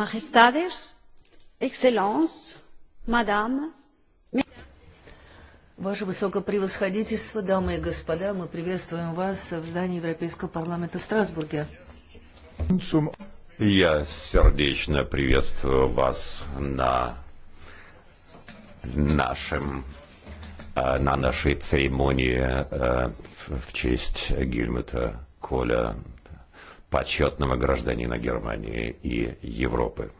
Majestades, Excellence, Madame, Ваше Высокопревосходительство, дамы и господа, мы приветствуем вас в здании Европейского парламента в Страсбурге. Я сердечно приветствую вас на нашем э, на нашей церемонии э, в честь Гильмута Коля почетного гражданина Германии и Европы.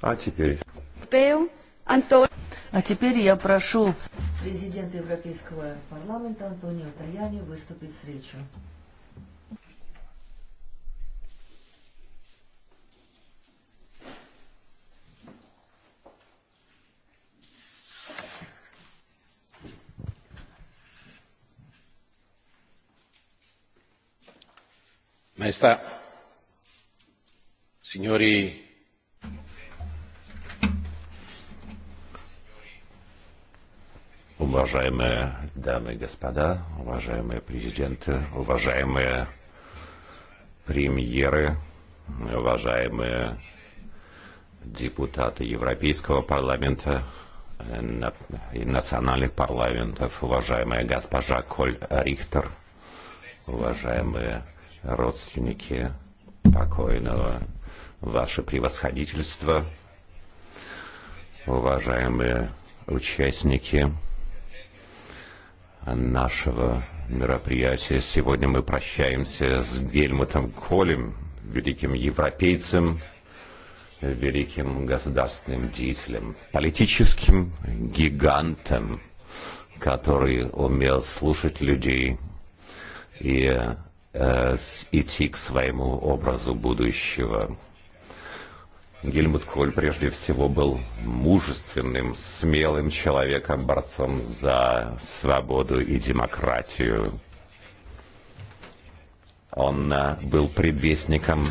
А теперь. А теперь я прошу президента Европейского парламента Антонио Таяни выступить с речью. Maestà, signori Уважаемые дамы и господа, уважаемые президенты, уважаемые премьеры, уважаемые депутаты Европейского парламента и национальных парламентов, уважаемая госпожа Коль Рихтер, уважаемые родственники покойного, ваше превосходительство, уважаемые участники нашего мероприятия. Сегодня мы прощаемся с Гельмутом Колем, великим европейцем, великим государственным деятелем, политическим гигантом, который умел слушать людей и Э, идти к своему образу будущего. Гельмут Коль прежде всего был мужественным, смелым человеком, борцом за свободу и демократию. Он э, был предвестником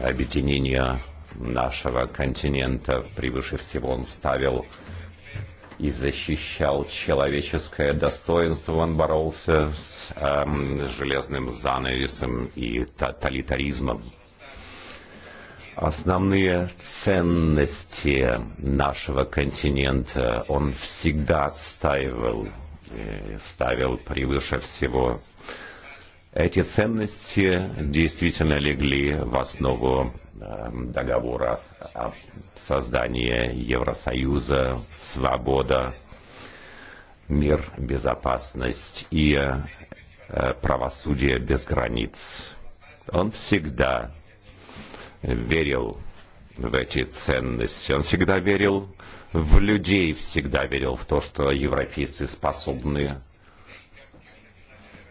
объединения нашего континента. Превыше всего он ставил и защищал человеческое достоинство. Он боролся с эм, железным занавесом и тоталитаризмом. Основные ценности нашего континента он всегда отстаивал, э, ставил превыше всего. Эти ценности действительно легли в основу договора о создании Евросоюза, свобода, мир, безопасность и э, правосудие без границ. Он всегда верил в эти ценности, он всегда верил в людей, всегда верил в то, что европейцы способны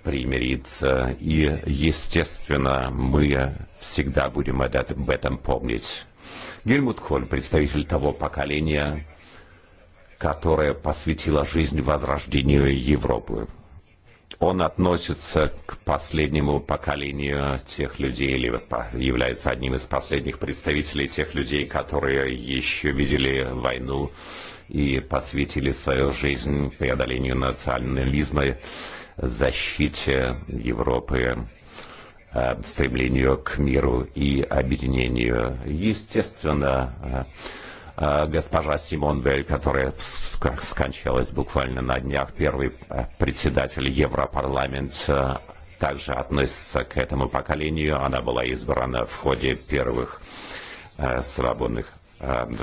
примириться. Э, и, естественно, мы всегда будем об этом помнить. Гельмут Холь, представитель того поколения, которое посвятило жизнь возрождению Европы. Он относится к последнему поколению тех людей, или является одним из последних представителей тех людей, которые еще видели войну и посвятили свою жизнь преодолению национализма защите Европы, э, стремлению к миру и объединению. Естественно, э, э, госпожа Симон Вель, которая скончалась буквально на днях, первый председатель Европарламента, также относится к этому поколению. Она была избрана в ходе первых свободных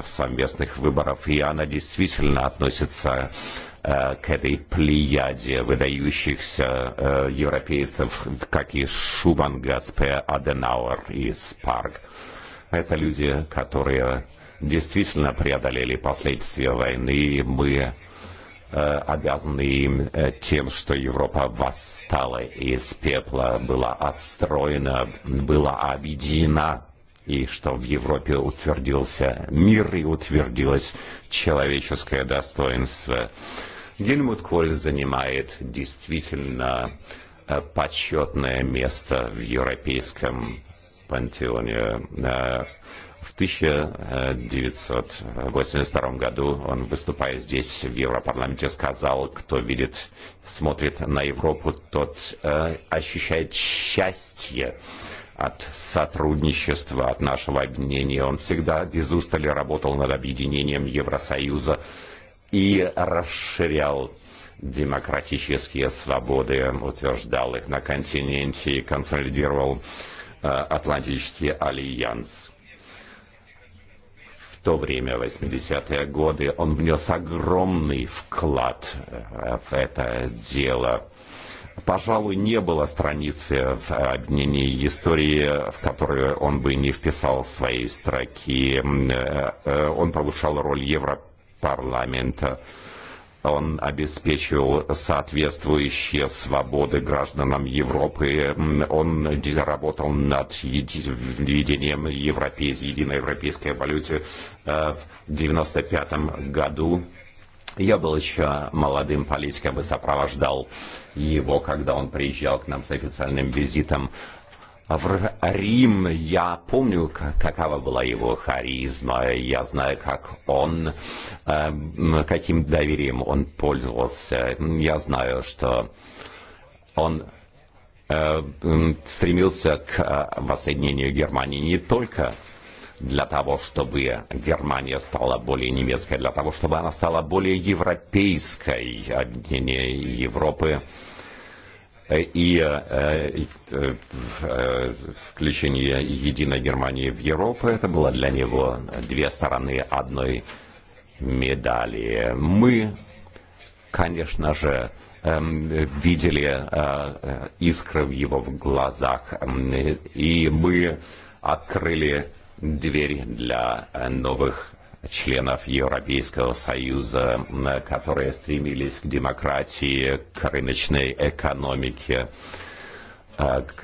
совместных выборов, и она действительно относится Eh, kiedy плеяде выдающихся европейцев, как и Шуман, Гаспе, Аденауэр и Спарк. Это люди, которые действительно преодолели последствия войны, и мы обязаны им тем, что Европа восстала из пепла, была отстроена, была объединена, и что в Европе утвердился мир и утвердилось человеческое достоинство. Гельмут Коль занимает действительно э, почетное место в европейском пантеоне. Э, в 1982 году он, выступая здесь в Европарламенте, сказал, кто видит, смотрит на Европу, тот э, ощущает счастье от сотрудничества, от нашего объединения. Он всегда без устали работал над объединением Евросоюза и расширял демократические свободы, утверждал их на континенте и консолидировал э, Атлантический альянс. В то время, 80-е годы, он внес огромный вклад э, в это дело. Пожалуй, не было страницы в объединении истории, в которую он бы не вписал свои строки. Э, э, он повышал роль Европы парламента. Он обеспечивал соответствующие свободы гражданам Европы. Он работал над введением европейской, единой европейской валюты э, в 1995 году. Я был еще молодым политиком и сопровождал его, когда он приезжал к нам с официальным визитом в Рим я помню, какова была его харизма, я знаю, как он, каким доверием он пользовался, я знаю, что он стремился к воссоединению Германии не только для того, чтобы Германия стала более немецкой, для того, чтобы она стала более европейской, объединение Европы – и включение единой Германии в Европу. Это было для него две стороны одной медали. Мы, конечно же, видели искры в его глазах, и мы открыли дверь для новых членов Европейского Союза, которые стремились к демократии, к рыночной экономике, к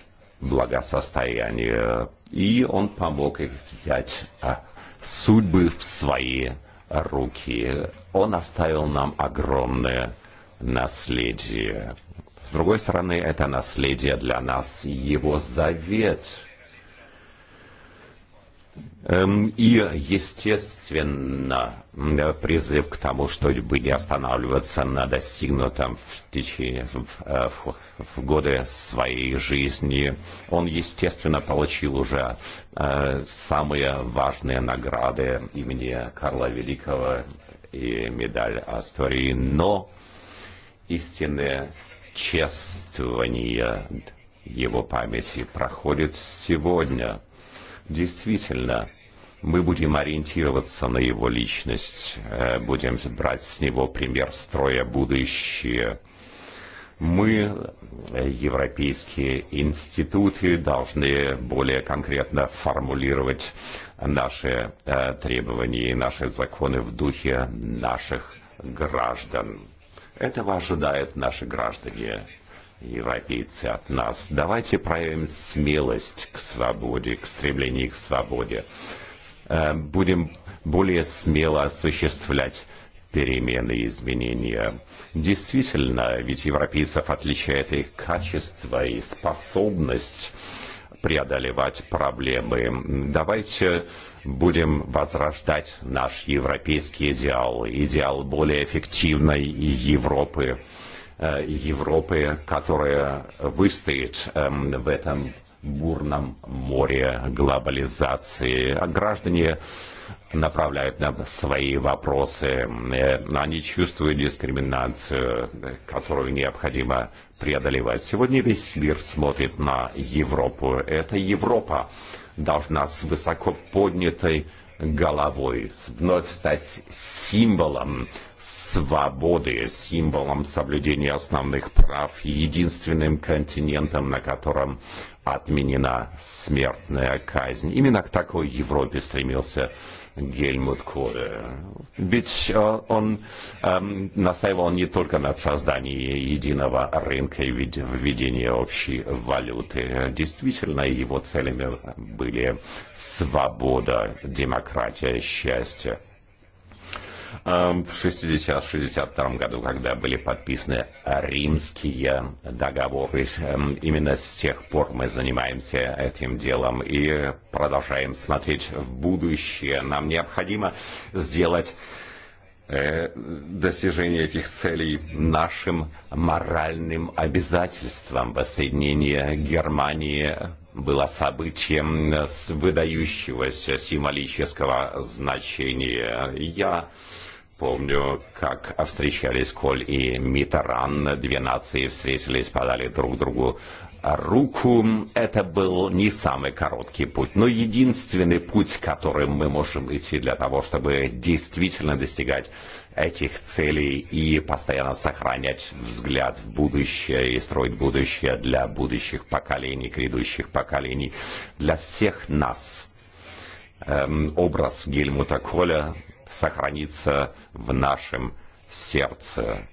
благосостоянию. И он помог их взять судьбы в свои руки. Он оставил нам огромное наследие. С другой стороны, это наследие для нас, его завет – И, естественно, э, призыв к тому, чтобы не останавливаться на достигнутом в течение в, э, в, в годы своей жизни, он, естественно, получил уже э, самые важные награды имени Карла Великого и медаль Астории, но истинное чествование его памяти проходит сегодня – Действительно, мы будем ориентироваться на его личность, э, будем брать с него пример строя будущее. Мы, э, европейские институты, должны более конкретно формулировать наши э, требования и наши законы в духе наших граждан. Этого ожидают наши граждане европейцы от нас. Давайте проявим смелость к свободе, к стремлению к свободе. Э, будем более смело осуществлять перемены и изменения. Действительно, ведь европейцев отличает их качество и способность преодолевать проблемы. Давайте будем возрождать наш европейский идеал, идеал более эффективной Европы Э, Европы, которая выстоит в этом бурном море глобализации. А граждане направляют нам свои вопросы. Э, они чувствуют дискриминацию, которую необходимо преодолевать. Сегодня весь мир смотрит на Европу. Это Европа должна с высоко поднятой головой вновь стать символом свободы, символом соблюдения основных прав и единственным континентом, на котором отменена смертная казнь. Именно к такой Европе стремился Гельмут Коре. Ведь э, он эм, настаивал не только над созданием единого рынка и введении общей валюты. Действительно, его целями были свобода, демократия, счастье в 60-62 году, когда были подписаны римские договоры. Именно с тех пор мы занимаемся этим делом и продолжаем смотреть в будущее. Нам необходимо сделать достижение этих целей нашим моральным обязательством. Воссоединение Германии было событием с выдающегося символического значения. Я помню, как встречались Коль и Митаран, две нации встретились, подали друг другу руку. Это был не самый короткий путь, но единственный путь, которым мы можем идти для того, чтобы действительно достигать этих целей и постоянно сохранять взгляд в будущее и строить будущее для будущих поколений, грядущих поколений, для всех нас. Эм, образ Гельмута Коля сохранится в нашем сердце.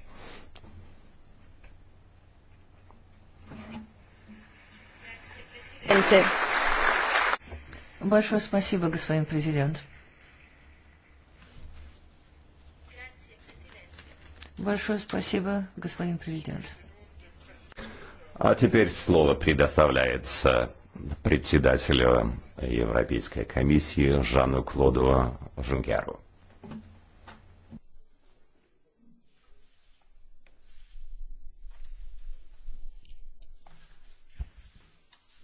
Большое спасибо, господин президент. Большое спасибо, господин президент. А теперь слово предоставляется председателю Европейской комиссии Жанну Клоду Жунгеру.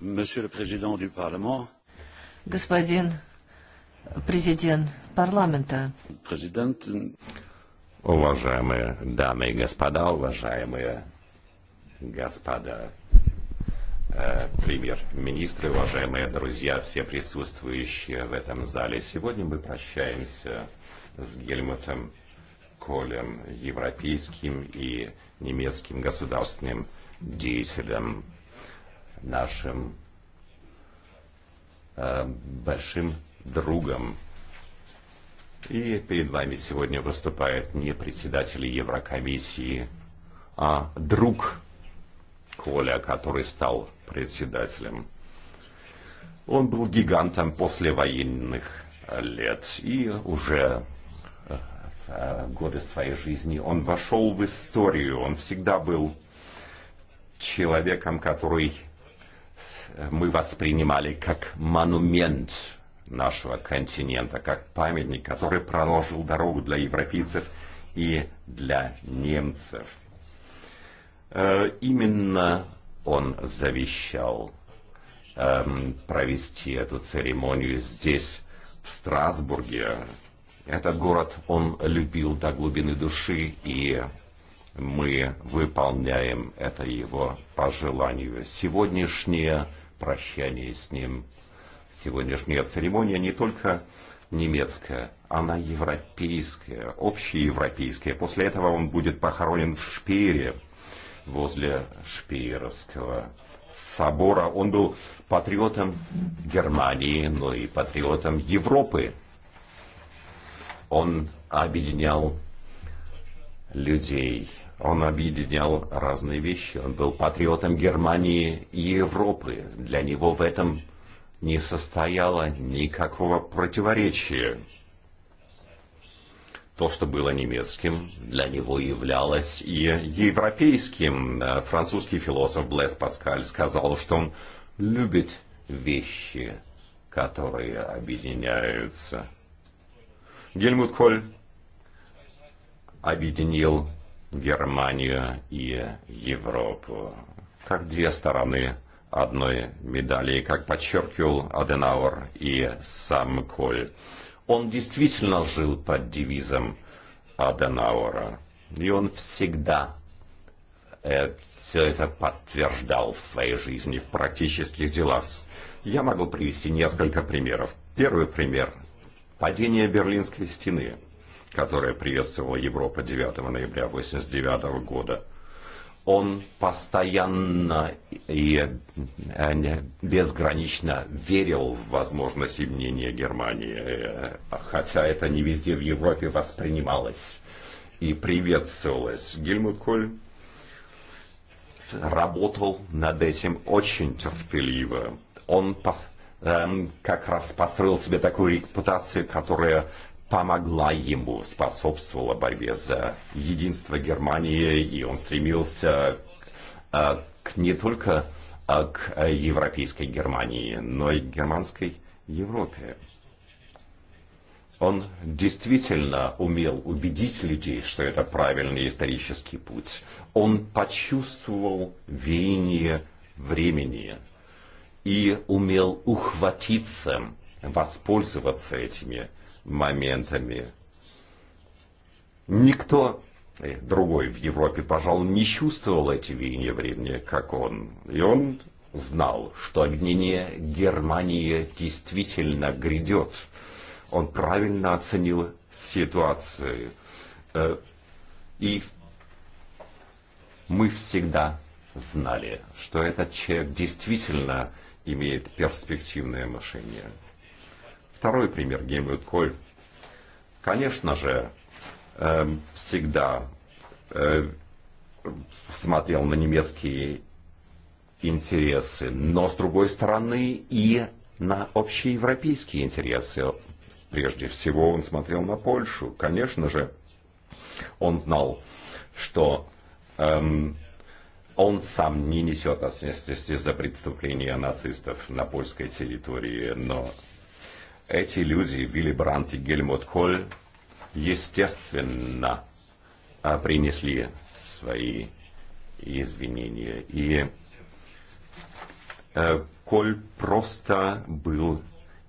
Monsieur le Président du Parlement. Господин президент парламента. Президент. Уважаемые дамы и господа, уважаемые господа э, премьер-министры, уважаемые друзья, все присутствующие в этом зале. Сегодня мы прощаемся с Гельмутом Колем, европейским и немецким государственным деятелем нашим э, большим другом. И перед вами сегодня выступает не председатель Еврокомиссии, а друг Коля, который стал председателем. Он был гигантом послевоенных лет и уже э, э, годы своей жизни он вошел в историю, он всегда был человеком, который мы воспринимали как монумент нашего континента, как памятник, который проложил дорогу для европейцев и для немцев. Именно он завещал провести эту церемонию здесь, в Страсбурге. Этот город он любил до глубины души, и мы выполняем это его пожелание. Сегодняшнее прощание с ним, сегодняшняя церемония не только немецкая, она европейская, общеевропейская. После этого он будет похоронен в Шпире, возле Шпировского собора. Он был патриотом Германии, но и патриотом Европы. Он объединял людей Он объединял разные вещи. Он был патриотом Германии и Европы. Для него в этом не состояло никакого противоречия. То, что было немецким, для него являлось и европейским. Французский философ Блес Паскаль сказал, что он любит вещи, которые объединяются. Гельмут Коль объединил Германию и Европу, как две стороны одной медали, как подчеркивал Аденауэр и сам Коль. Он действительно жил под девизом Аденауэра, и он всегда все это подтверждал в своей жизни, в практических делах. Я могу привести несколько примеров. Первый пример – падение Берлинской стены – которая приветствовала Европа 9 ноября 1989 года. Он постоянно и э, безгранично верил в возможность имнения Германии, э, хотя это не везде в Европе воспринималось и приветствовалось. Гельмут Коль работал над этим очень терпеливо. Он как раз построил себе такую репутацию, которая помогла ему, способствовала борьбе за э, единство Германии, и он стремился к, э, к не только э, к европейской Германии, но и к германской Европе. Он действительно умел убедить людей, что это правильный исторический путь. Он почувствовал веяние времени и умел ухватиться, воспользоваться этими моментами. Никто э, другой в Европе, пожалуй, не чувствовал эти веяния времени, как он. И он знал, что огнение Германии действительно грядет. Он правильно оценил ситуацию. Э, и мы всегда знали, что этот человек действительно имеет перспективное мышление. Второй пример Гельмут Коль. Конечно же, всегда э, смотрел на немецкие интересы, но с другой стороны и на общеевропейские интересы. Прежде всего он смотрел на Польшу. Конечно же, он знал, что эм, он сам не несет ответственности за преступления нацистов на польской территории, но Эти люди, Вилли Брант и Гельмут Коль, естественно, принесли свои извинения. И Коль просто был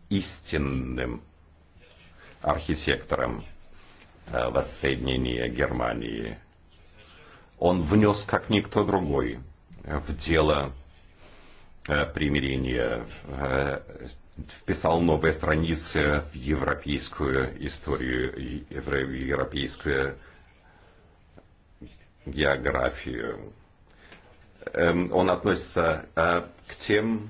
истинным архитектором воссоединения Германии. Он внес, как никто другой, в дело примирения вписал новые страницы в европейскую историю, в европейскую географию. Он относится э, к тем,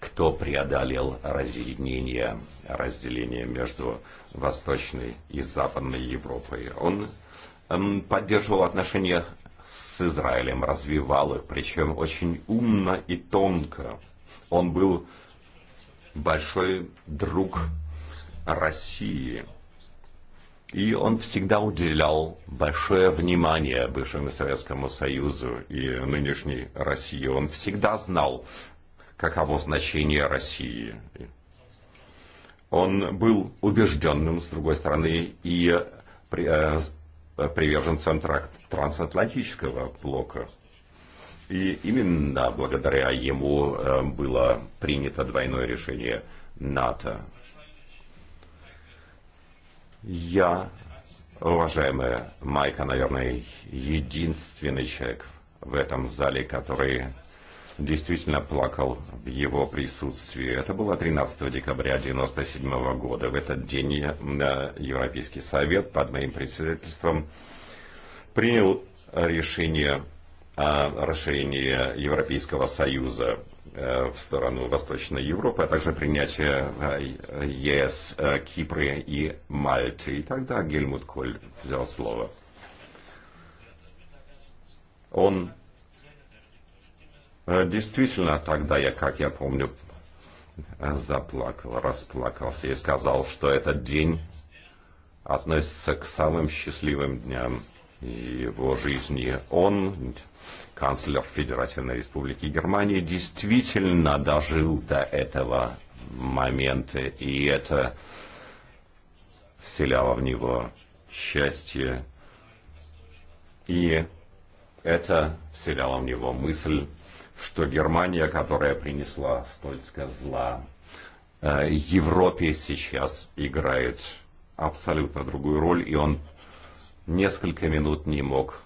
кто преодолел разъединение, разделение между Восточной и Западной Европой. Он поддерживал отношения с Израилем, развивал их, причем очень умно и тонко. Он был большой друг России. И он всегда уделял большое внимание бывшему Советскому Союзу и нынешней России. Он всегда знал, каково значение России. Он был убежденным, с другой стороны, и э, приверженцем трансатлантического блока. И именно благодаря ему э, было принято двойное решение НАТО. Я, уважаемая Майка, наверное, единственный человек в этом зале, который действительно плакал в его присутствии. Это было 13 декабря 1997 года. В этот день э, Европейский совет под моим председательством принял решение расширение Европейского Союза э, в сторону Восточной Европы, а также принятие э, ЕС э, Кипры и Мальты. И тогда Гельмут Коль взял слово. Он действительно тогда, я, как я помню, заплакал, расплакался и сказал, что этот день относится к самым счастливым дням его жизни. Он канцлер Федеративной Республики Германии, действительно дожил до этого момента, и это вселяло в него счастье, и это вселяло в него мысль, что Германия, которая принесла столько зла э, Европе, сейчас играет абсолютно другую роль, и он несколько минут не мог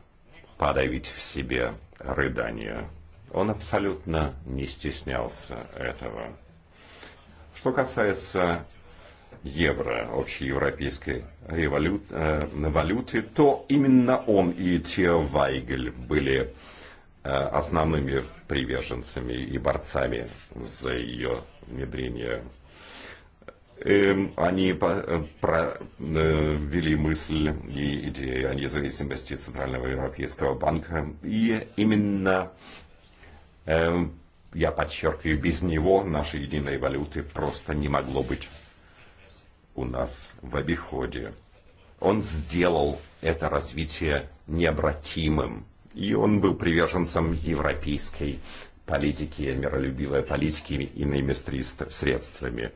подавить в себе рыдания. Он абсолютно не стеснялся этого. Что касается евро, общеевропейской револю... э, валюты, то именно он и Тео Вайгель были э, основными приверженцами и борцами за ее внедрение они провели э, мысль и идею о независимости Центрального Европейского банка. И именно, я подчеркиваю, без него нашей единой валюты просто не могло быть у нас в обиходе. Он сделал это развитие необратимым. И он был приверженцем европейской политики, миролюбивой политики иными средствами.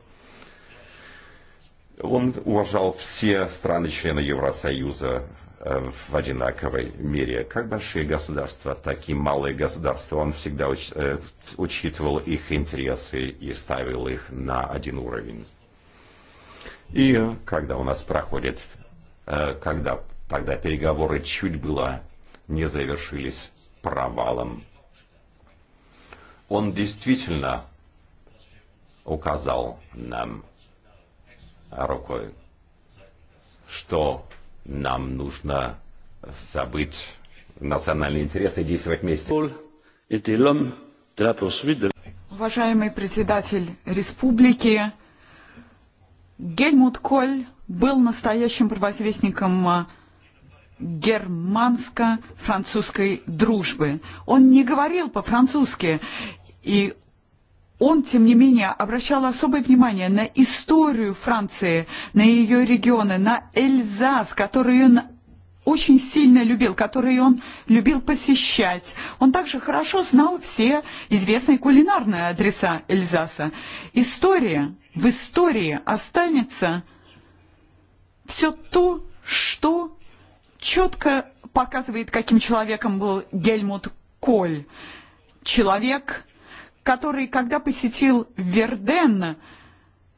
Он уважал все страны члены Евросоюза э, в одинаковой мере. Как большие государства, так и малые государства. Он всегда уч, э, учитывал их интересы и ставил их на один уровень. И когда у нас проходит, э, когда тогда переговоры чуть было не завершились провалом, он действительно указал нам рукой. Что нам нужно забыть национальные интересы и действовать вместе. Уважаемый председатель республики, Гельмут Коль был настоящим провозвестником германско-французской дружбы. Он не говорил по-французски, и Он, тем не менее, обращал особое внимание на историю Франции, на ее регионы, на Эльзас, который он очень сильно любил, который он любил посещать. Он также хорошо знал все известные кулинарные адреса Эльзаса. История в истории останется все то, что четко показывает, каким человеком был Гельмут Коль. Человек, который, когда посетил Верден,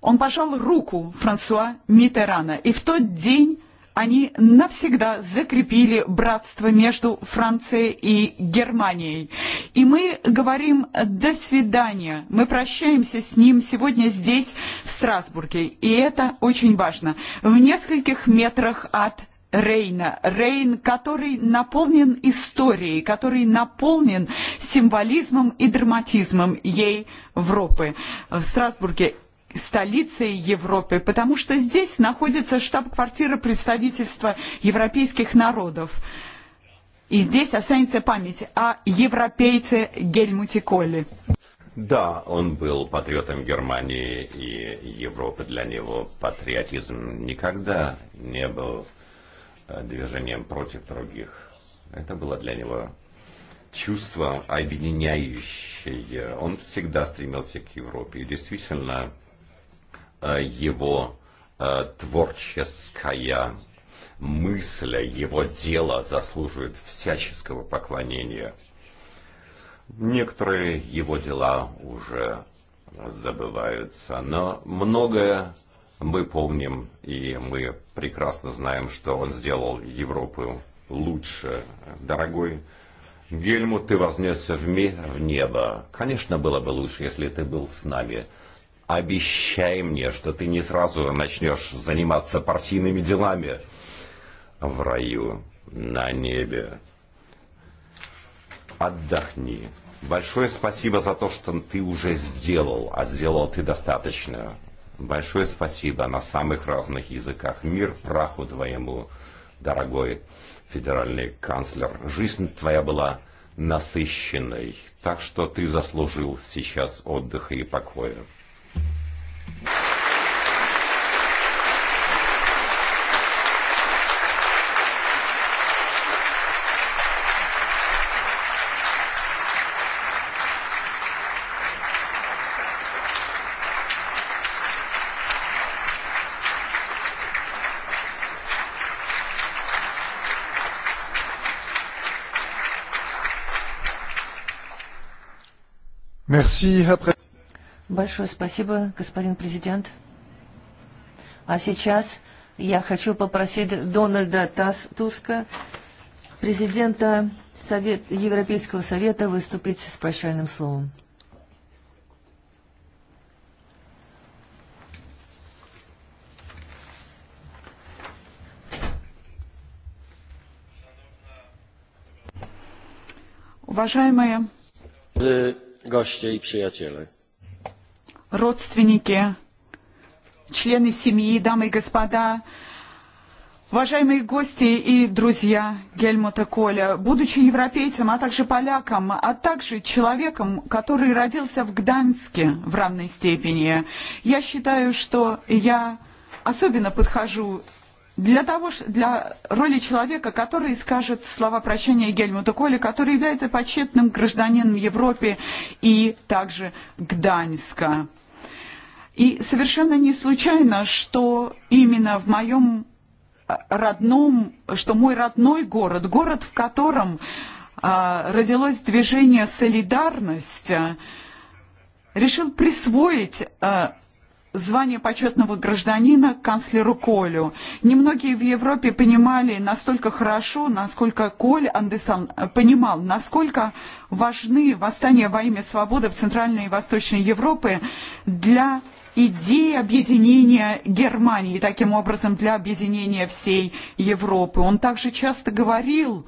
он пожал руку Франсуа Митерана. И в тот день они навсегда закрепили братство между Францией и Германией. И мы говорим «до свидания». Мы прощаемся с ним сегодня здесь, в Страсбурге. И это очень важно. В нескольких метрах от Рейна. Рейн, который наполнен историей, который наполнен символизмом и драматизмом ей Европы. В Страсбурге столицей Европы, потому что здесь находится штаб-квартира представительства европейских народов. И здесь останется память о европейце Гельмуте Коле. Да, он был патриотом Германии и Европы. Для него патриотизм никогда не был Э, движением против других. Это было для него чувство объединяющее. Он всегда стремился к Европе. И действительно, э, его э, творческая мысль, его дело заслуживает всяческого поклонения. Некоторые его дела уже забываются, но многое Мы помним и мы прекрасно знаем, что он сделал Европу лучше, дорогой. Гельмут, ты вознесся в, мир, в небо. Конечно, было бы лучше, если ты был с нами. Обещай мне, что ты не сразу начнешь заниматься партийными делами в раю, на небе. Отдохни. Большое спасибо за то, что ты уже сделал, а сделал ты достаточно. Большое спасибо на самых разных языках. Мир праху твоему, дорогой федеральный канцлер. Жизнь твоя была насыщенной, так что ты заслужил сейчас отдыха и покоя. Merci, Большое спасибо, господин президент. А сейчас я хочу попросить Дональда Тас Туска, президента Совет, Европейского Совета, выступить с прощальным словом. Уважаемые э, goście i przyjaciele. Родственники, члены семьи, дамы и господа, Уважаемые гости и друзья Гельмута Коля, будучи европейцем, а также поляком, а также человеком, который родился в Гданске в равной степени, я считаю, что я особенно подхожу для того, для роли человека, который скажет слова прощения Гельмуту Коле, который является почетным гражданином Европы и также Гданьска. И совершенно не случайно, что именно в моем э, родном, что мой родной город, город, в котором а, родилось движение «Солидарность», э, решил присвоить э, звание почетного гражданина канцлеру Колю. Немногие в Европе понимали настолько хорошо, насколько Коль Андесан э, понимал, насколько важны восстания во имя свободы в Центральной и Восточной Европе для идеи объединения Германии, таким образом для объединения всей Европы. Он также часто говорил,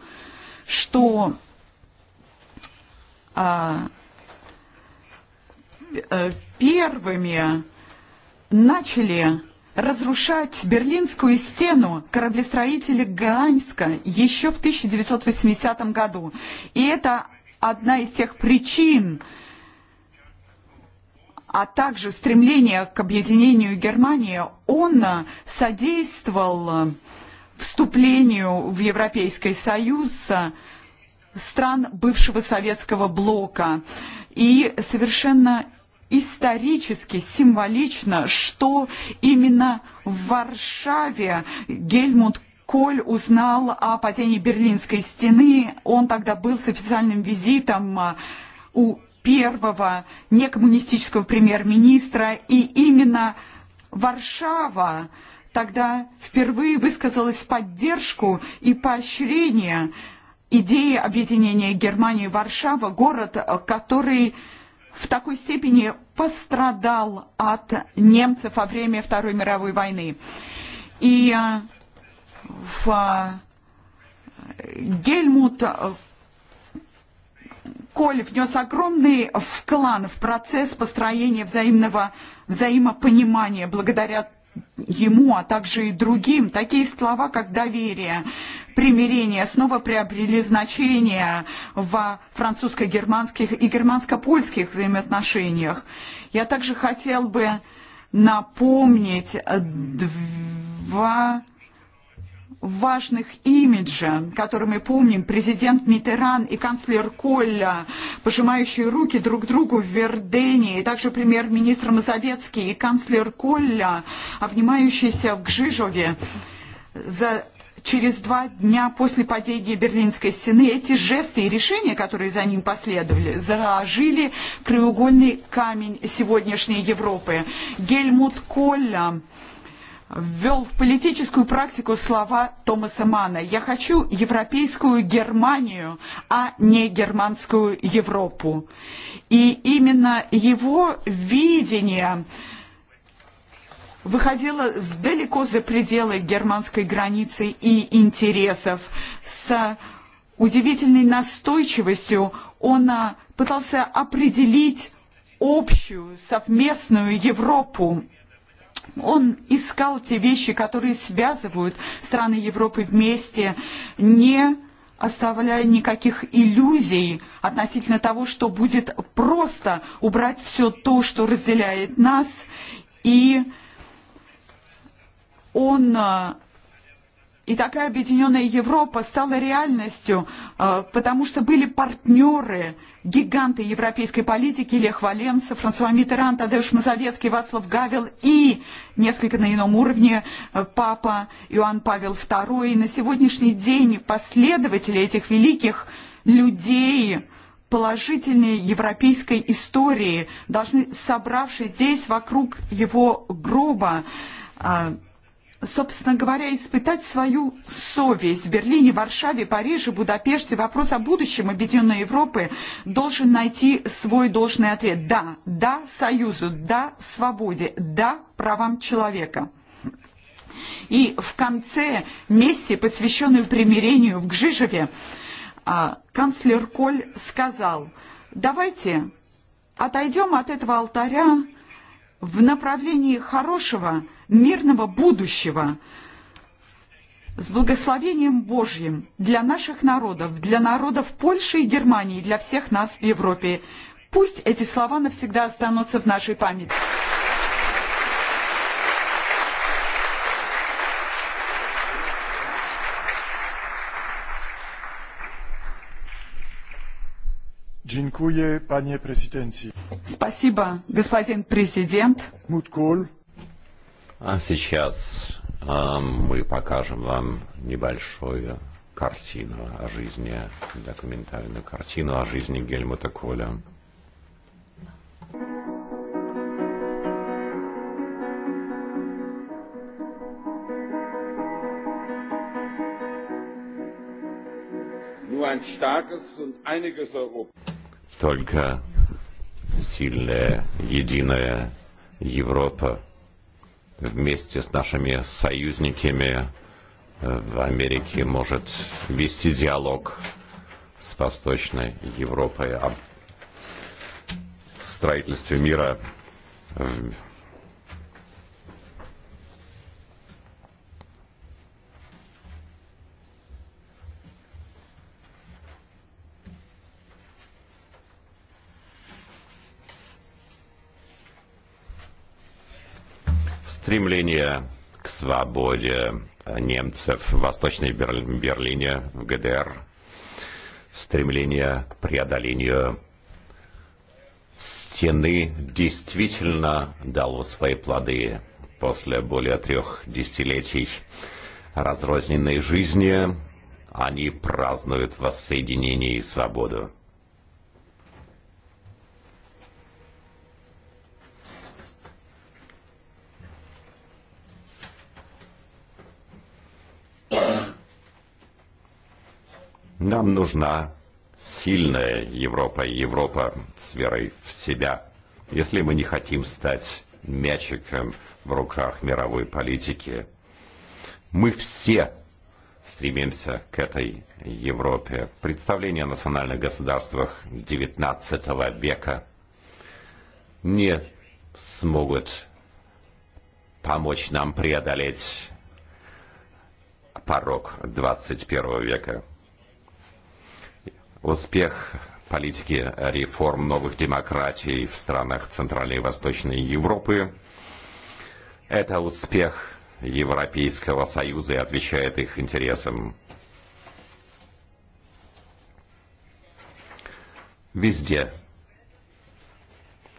что а, э, первыми начали разрушать Берлинскую стену кораблестроители Ганьска еще в 1980 году. И это одна из тех причин, а также стремление к объединению Германии, он содействовал вступлению в Европейский Союз стран бывшего советского блока. И совершенно исторически, символично, что именно в Варшаве Гельмут Коль узнал о падении Берлинской стены. Он тогда был с официальным визитом у первого некоммунистического премьер-министра. И именно Варшава тогда впервые высказалась в поддержку и поощрение идеи объединения Германии Варшава, город, который в такой степени пострадал от немцев во время Второй мировой войны. И в Гельмут Коль внес огромный вклад в процесс построения взаимного взаимопонимания благодаря ему, а также и другим, такие слова, как доверие, примирения снова приобрели значение в французско-германских и германско-польских взаимоотношениях. Я также хотел бы напомнить два важных имиджа, которые мы помним, президент Митеран и канцлер Колля, пожимающие руки друг другу в Вердене, и также премьер-министр Мазовецкий и канцлер Колля, обнимающийся в Гжижове, за через два дня после падения Берлинской стены эти жесты и решения, которые за ним последовали, заложили краеугольный камень сегодняшней Европы. Гельмут Колля ввел в политическую практику слова Томаса Мана. Я хочу европейскую Германию, а не германскую Европу. И именно его видение выходила далеко за пределы германской границы и интересов. С удивительной настойчивостью он пытался определить общую совместную Европу. Он искал те вещи, которые связывают страны Европы вместе, не оставляя никаких иллюзий относительно того, что будет просто убрать все то, что разделяет нас, и он э, и такая объединенная Европа стала реальностью, э, потому что были партнеры, гиганты европейской политики Лех Валенса, Франсуа Миттеран, Тадеуш Мазовецкий, Вацлав Гавел и несколько на ином уровне э, папа Иоанн Павел II. И на сегодняшний день последователи этих великих людей, положительной европейской истории, должны, собравшись здесь вокруг его гроба, собственно говоря, испытать свою совесть. В Берлине, Варшаве, Париже, Будапеште вопрос о будущем Объединенной Европы должен найти свой должный ответ. Да, да союзу, да свободе, да правам человека. И в конце мессии, посвященную примирению в Гжижеве, канцлер Коль сказал, давайте отойдем от этого алтаря, в направлении хорошего, мирного будущего, с благословением Божьим для наших народов, для народов Польши и Германии, для всех нас в Европе. Пусть эти слова навсегда останутся в нашей памяти. Dziękuję, panie prezydencji. Спасибо, господин президент. А сейчас э, мы покажем вам небольшую картину о жизни, документальную картину о жизни Гельмута Коля. ein starkes und einiges Europa только сильная, единая Европа вместе с нашими союзниками в Америке может вести диалог с Восточной Европой о строительстве мира в Стремление к свободе немцев в Восточной Берлине, в ГДР, стремление к преодолению стены действительно дало свои плоды после более трех десятилетий разрозненной жизни. Они празднуют воссоединение и свободу. Нам нужна сильная Европа, Европа с верой в себя. Если мы не хотим стать мячиком в руках мировой политики, мы все стремимся к этой Европе. Представление о национальных государствах XIX века не смогут помочь нам преодолеть порог 21 века. Успех политики реформ новых демократий в странах Центральной и Восточной Европы – это успех Европейского Союза и отвечает их интересам. Везде,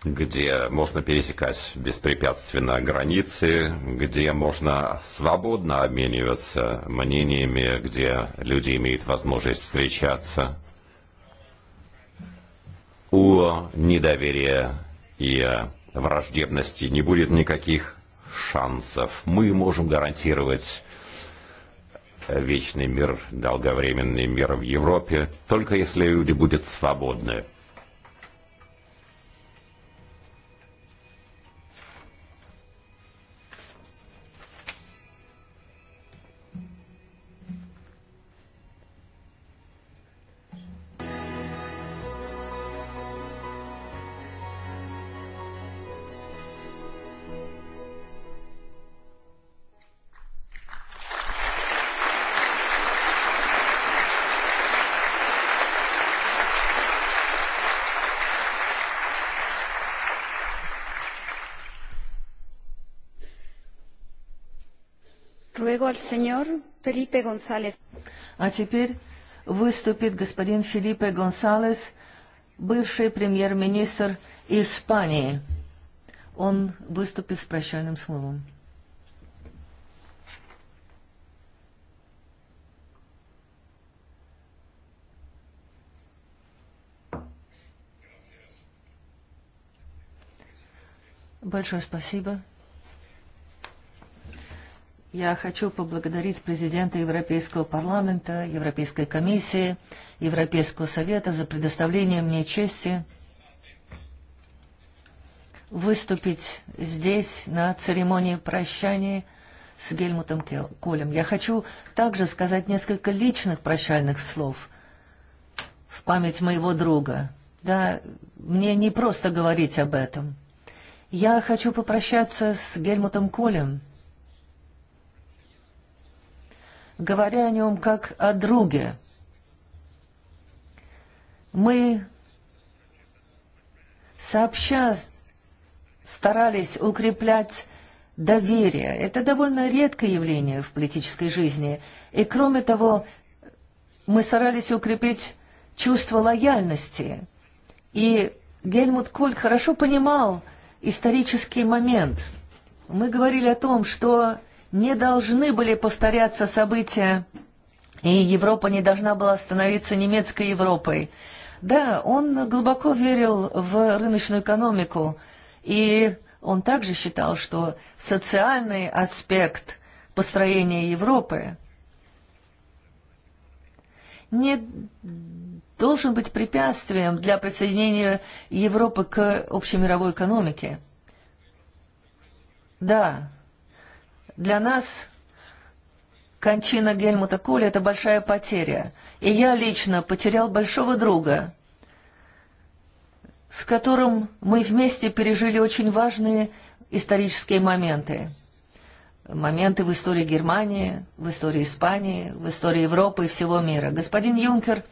где можно пересекать беспрепятственно границы, где можно свободно обмениваться мнениями, где люди имеют возможность встречаться – Его недоверия и э, враждебности не будет никаких шансов. Мы можем гарантировать э, вечный мир, долговременный мир в Европе, только если люди будут свободны. Felipe González. А теперь выступит господин Филиппе Гонсалес, бывший премьер-министр Испании. Он выступит с прощальным словом. Большое спасибо. Я хочу поблагодарить президента Европейского парламента, Европейской комиссии, Европейского совета за предоставление мне чести выступить здесь на церемонии прощания с Гельмутом Колем. Я хочу также сказать несколько личных прощальных слов в память моего друга. Да, мне не просто говорить об этом. Я хочу попрощаться с Гельмутом Колем – говоря о нем как о друге. Мы сообща старались укреплять доверие. Это довольно редкое явление в политической жизни. И кроме того, мы старались укрепить чувство лояльности. И Гельмут Коль хорошо понимал исторический момент. Мы говорили о том, что не должны были повторяться события, и Европа не должна была становиться немецкой Европой. Да, он глубоко верил в рыночную экономику, и он также считал, что социальный аспект построения Европы не должен быть препятствием для присоединения Европы к общемировой экономике. Да, Для нас кончина Гельмута Коли – это большая потеря. И я лично потерял большого друга, с которым мы вместе пережили очень важные исторические моменты. Моменты в истории Германии, в истории Испании, в истории Европы и всего мира. Господин Юнкер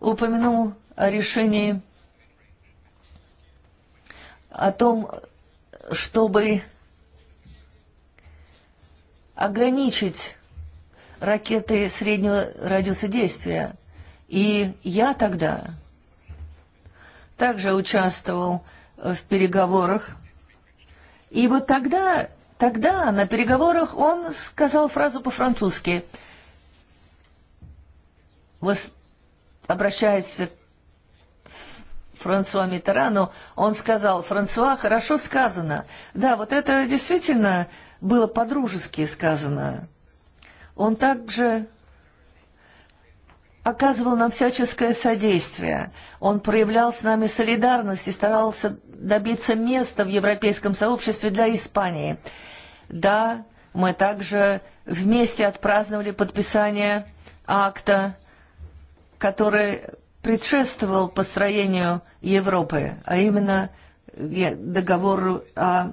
упомянул о решении о том, чтобы ограничить ракеты среднего радиуса действия. И я тогда также участвовал в переговорах. И вот тогда, тогда на переговорах он сказал фразу по-французски, обращаясь к Франсуа Митерану, он сказал, Франсуа, хорошо сказано. Да, вот это действительно было по-дружески сказано. Он также оказывал нам всяческое содействие. Он проявлял с нами солидарность и старался добиться места в европейском сообществе для Испании. Да, мы также вместе отпраздновали подписание акта, который предшествовал построению Европы, а именно э, договору о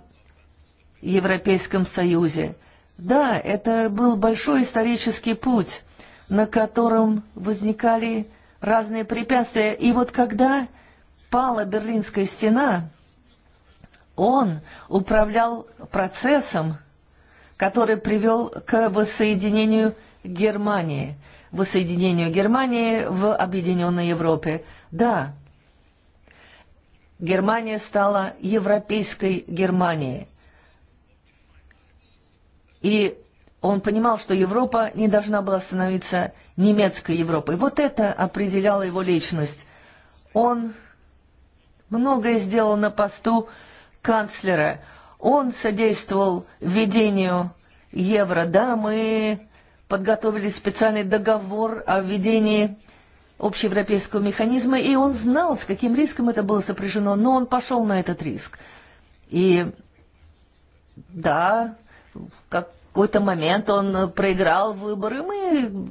Европейском Союзе. Да, это был большой исторический путь, на котором возникали разные препятствия. И вот когда пала Берлинская стена, он управлял процессом, который привел к воссоединению Германии, воссоединению Германии в Объединенной Европе. Да, Германия стала европейской Германией. И он понимал, что Европа не должна была становиться немецкой Европой. Вот это определяло его личность. Он многое сделал на посту канцлера. Он содействовал введению евро. Да, мы подготовили специальный договор о введении общеевропейского механизма, и он знал, с каким риском это было сопряжено, но он пошел на этот риск. И да, какой-то момент он э, проиграл выборы, мы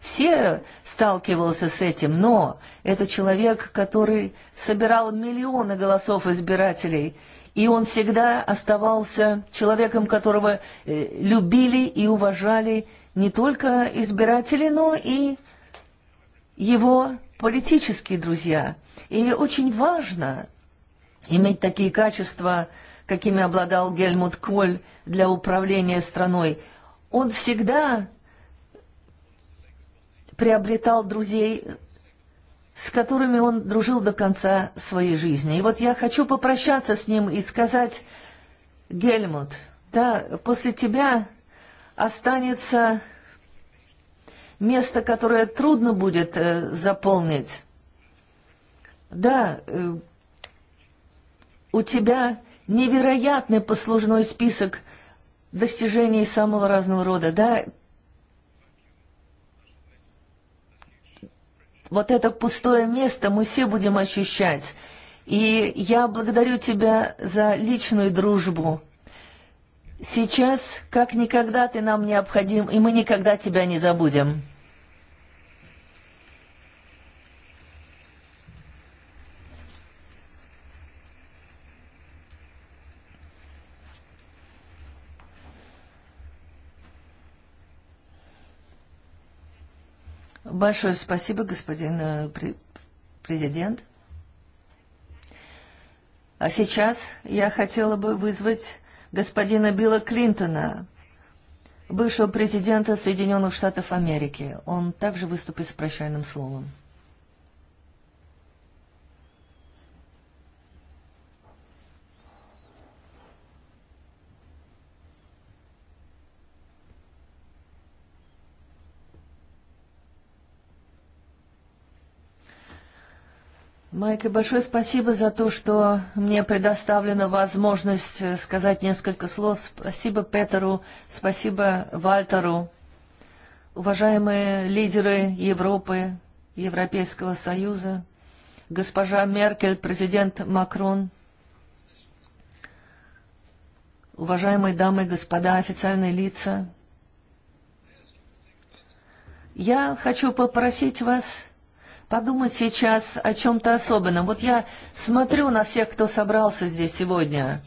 все сталкивался с этим, но это человек, который собирал миллионы голосов избирателей, и он всегда оставался человеком, которого э, любили и уважали не только избиратели, но и его политические друзья. И очень важно иметь такие качества, какими обладал Гельмут Коль для управления страной, он всегда приобретал друзей, с которыми он дружил до конца своей жизни. И вот я хочу попрощаться с ним и сказать, Гельмут, да, после тебя останется место, которое трудно будет э, заполнить. Да, э, у тебя невероятный послужной список достижений самого разного рода, да, вот это пустое место мы все будем ощущать. И я благодарю тебя за личную дружбу. Сейчас, как никогда, ты нам необходим, и мы никогда тебя не забудем. Большое спасибо, господин э, президент. А сейчас я хотела бы вызвать господина Билла Клинтона, бывшего президента Соединенных Штатов Америки. Он также выступит с прощальным словом. Майка, большое спасибо за то, что мне предоставлена возможность э, сказать несколько слов. Спасибо Петеру, спасибо Вальтеру, уважаемые лидеры Европы, Европейского Союза, госпожа Меркель, президент Макрон, уважаемые дамы и господа, официальные лица. Я хочу попросить вас подумать сейчас о чем-то особенном. Вот я смотрю на всех, кто собрался здесь сегодня.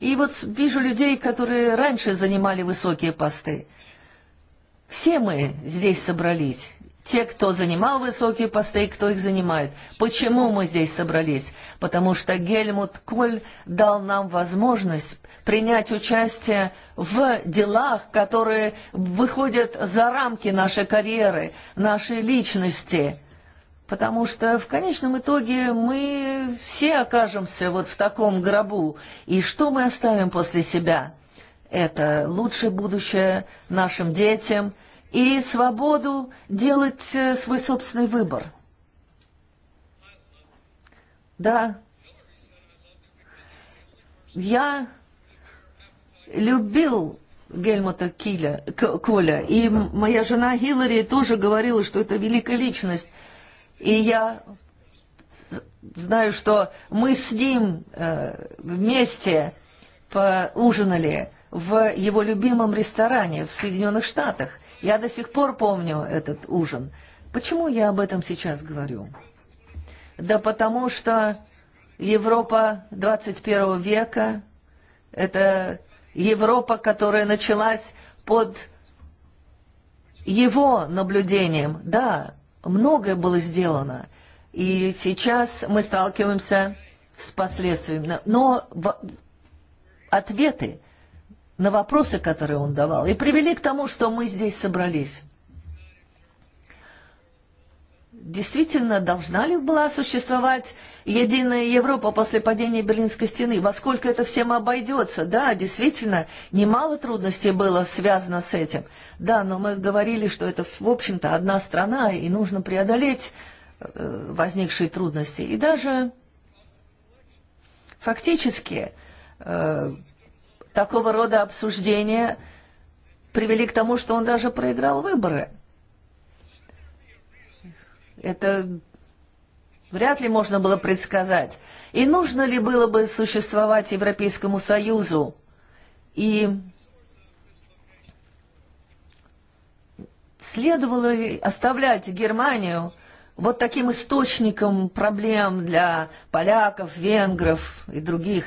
И вот вижу людей, которые раньше занимали высокие посты. Все мы здесь собрались. Те, кто занимал высокие посты, кто их занимает. Почему мы здесь собрались? Потому что Гельмут Коль дал нам возможность принять участие в делах, которые выходят за рамки нашей карьеры, нашей личности. Потому что в конечном итоге мы все окажемся вот в таком гробу. И что мы оставим после себя? Это лучшее будущее нашим детям и свободу делать э, свой собственный выбор. Да. Я любил Гельмута Киля, Коля, и моя жена Хиллари тоже говорила, что это великая личность – И я знаю, что мы с ним э, вместе поужинали в его любимом ресторане в Соединенных Штатах. Я до сих пор помню этот ужин. Почему я об этом сейчас говорю? Да потому что Европа 21 века – это Европа, которая началась под его наблюдением. Да, многое было сделано. И сейчас мы сталкиваемся с последствиями. Но ответы на вопросы, которые он давал, и привели к тому, что мы здесь собрались. Действительно, должна ли была существовать единая Европа после падения Берлинской стены? Во сколько это всем обойдется? Да, действительно, немало трудностей было связано с этим. Да, но мы говорили, что это, в общем-то, одна страна, и нужно преодолеть э, возникшие трудности. И даже фактически э, такого рода обсуждения привели к тому, что он даже проиграл выборы. Это вряд ли можно было предсказать. И нужно ли было бы существовать Европейскому Союзу? И следовало ли оставлять Германию вот таким источником проблем для поляков, венгров и других?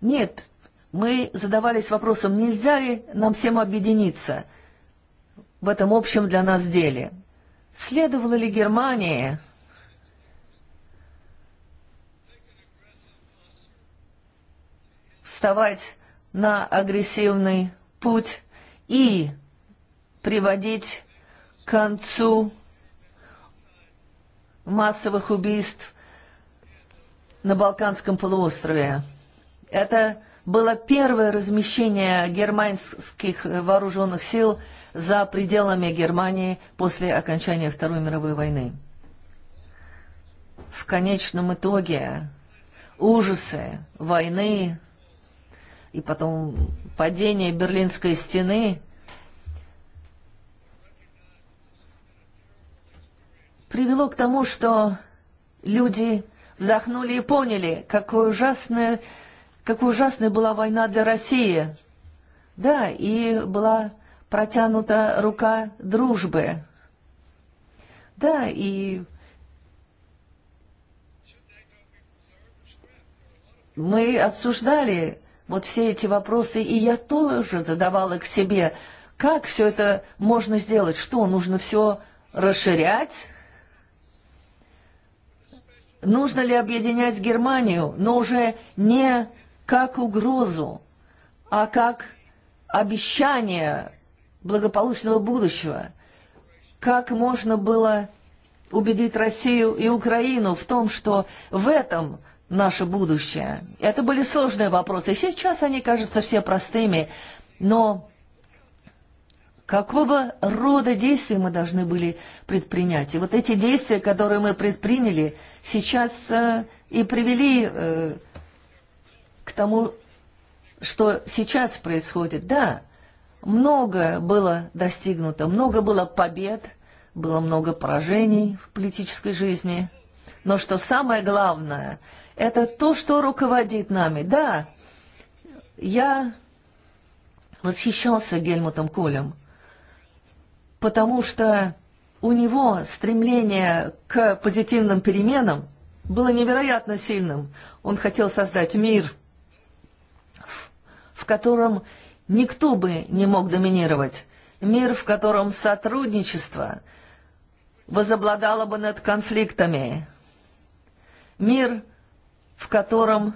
Нет, мы задавались вопросом, нельзя ли нам всем объединиться в этом общем для нас деле? Следовало ли Германии вставать на агрессивный путь и приводить к концу массовых убийств на Балканском полуострове. Это было первое размещение германских вооруженных сил – за пределами Германии после окончания Второй мировой войны. В конечном итоге ужасы войны и потом падение Берлинской стены привело к тому, что люди вздохнули и поняли, какой ужасная, какой ужасной была война для России. Да, и была протянута рука дружбы. Да, и мы обсуждали вот все эти вопросы, и я тоже задавала к себе, как все это можно сделать, что нужно все расширять, нужно ли объединять Германию, но уже не как угрозу, а как обещание благополучного будущего. Как можно было убедить Россию и Украину в том, что в этом наше будущее? Это были сложные вопросы. Сейчас они кажутся все простыми, но какого рода действия мы должны были предпринять? И вот эти действия, которые мы предприняли, сейчас э, и привели э, к тому, что сейчас происходит. Да, Много было достигнуто, много было побед, было много поражений в политической жизни. Но что самое главное, это то, что руководит нами. Да, я восхищался Гельмутом Колем, потому что у него стремление к позитивным переменам было невероятно сильным. Он хотел создать мир, в котором Никто бы не мог доминировать. Мир, в котором сотрудничество возобладало бы над конфликтами. Мир, в котором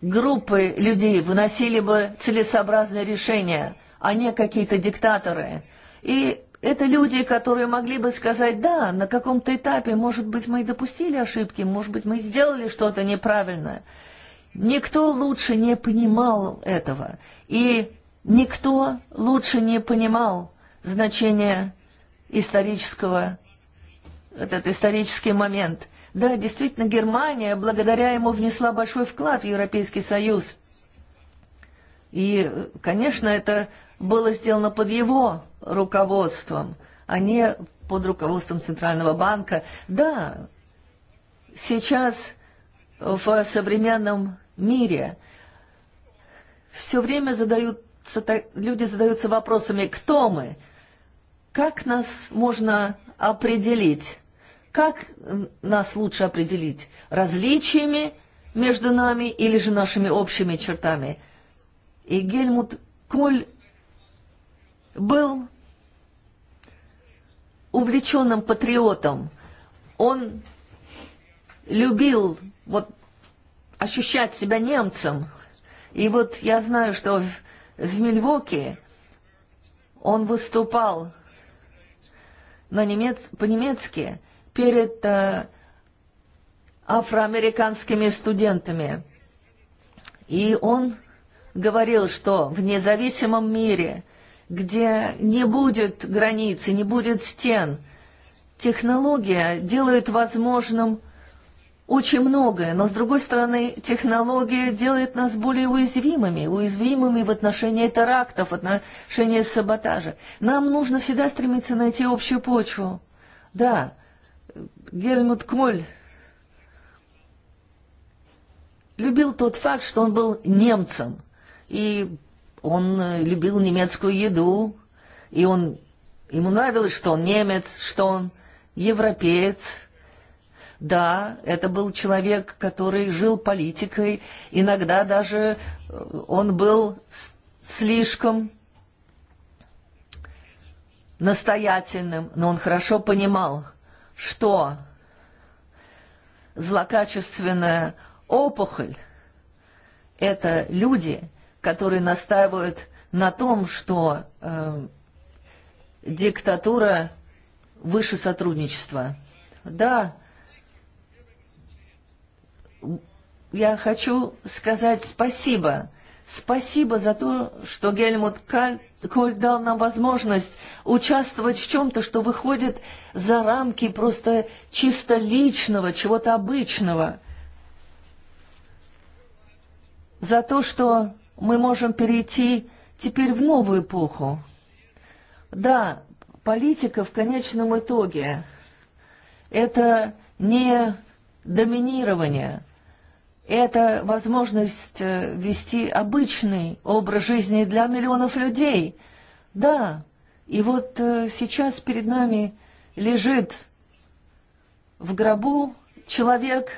группы людей выносили бы целесообразные решения, а не какие-то диктаторы. И это люди, которые могли бы сказать, да, на каком-то этапе, может быть, мы и допустили ошибки, может быть, мы сделали что-то неправильное. Никто лучше не понимал этого, и никто лучше не понимал значение исторического, этот исторический момент. Да, действительно, Германия благодаря ему внесла большой вклад в Европейский Союз. И, конечно, это было сделано под его руководством, а не под руководством Центрального банка. Да, сейчас в современном мире все время задаются, люди задаются вопросами, кто мы, как нас можно определить, как э, нас лучше определить, различиями между нами или же нашими общими чертами. И Гельмут Коль был увлеченным патриотом. Он любил вот ощущать себя немцем. И вот я знаю, что в, в Мильвоке он выступал на немец, по-немецки перед э, афроамериканскими студентами. И он говорил, что в независимом мире, где не будет границ и не будет стен, технология делает возможным очень многое, но с другой стороны технология делает нас более уязвимыми, уязвимыми в отношении терактов, в отношении саботажа. Нам нужно всегда стремиться найти общую почву. Да, Гельмут Кмоль любил тот факт, что он был немцем, и он э, любил немецкую еду, и он, ему нравилось, что он немец, что он европеец – Да, это был человек, который жил политикой. Иногда даже э, он был слишком настоятельным, но он хорошо понимал, что злокачественная опухоль – это люди, которые настаивают на том, что э, диктатура выше сотрудничества. Да, я хочу сказать спасибо. Спасибо за то, что Гельмут Коль дал нам возможность участвовать в чем-то, что выходит за рамки просто чисто личного, чего-то обычного. За то, что мы можем перейти теперь в новую эпоху. Да, политика в конечном итоге – это не доминирование – это возможность э, вести обычный образ жизни для миллионов людей. Да, и вот э, сейчас перед нами лежит в гробу человек,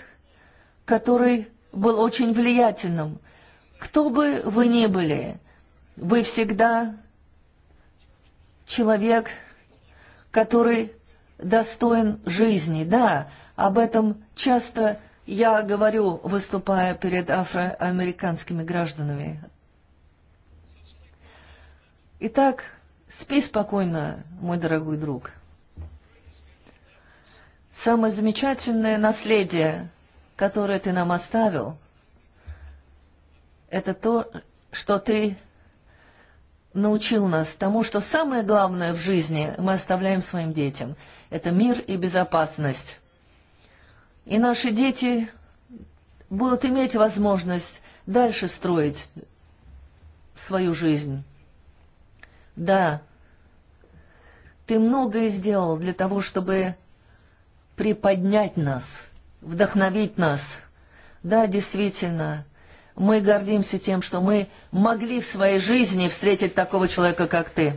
который был очень влиятельным. Кто бы вы ни были, вы всегда человек, который достоин жизни. Да, об этом часто Я говорю, выступая перед афроамериканскими гражданами. Итак, спи спокойно, мой дорогой друг. Самое замечательное наследие, которое ты нам оставил, это то, что ты научил нас тому, что самое главное в жизни мы оставляем своим детям. Это мир и безопасность. И наши дети будут иметь возможность дальше строить свою жизнь. Да, ты многое сделал для того, чтобы приподнять нас, вдохновить нас. Да, действительно, мы гордимся тем, что мы могли в своей жизни встретить такого человека, как ты.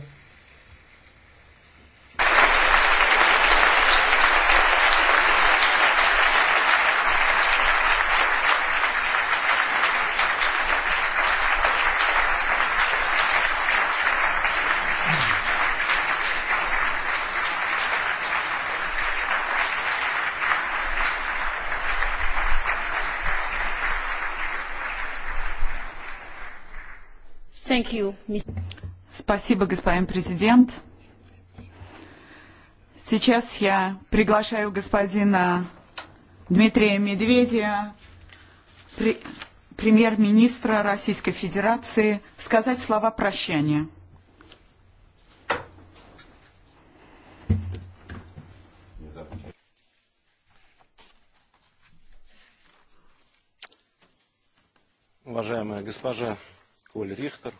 Thank you. Спасибо, господин президент. Сейчас я приглашаю господина Дмитрия Медведева, премьер-министра Российской Федерации, сказать слова прощания. Уважаемая госпожа Коль Рихтер,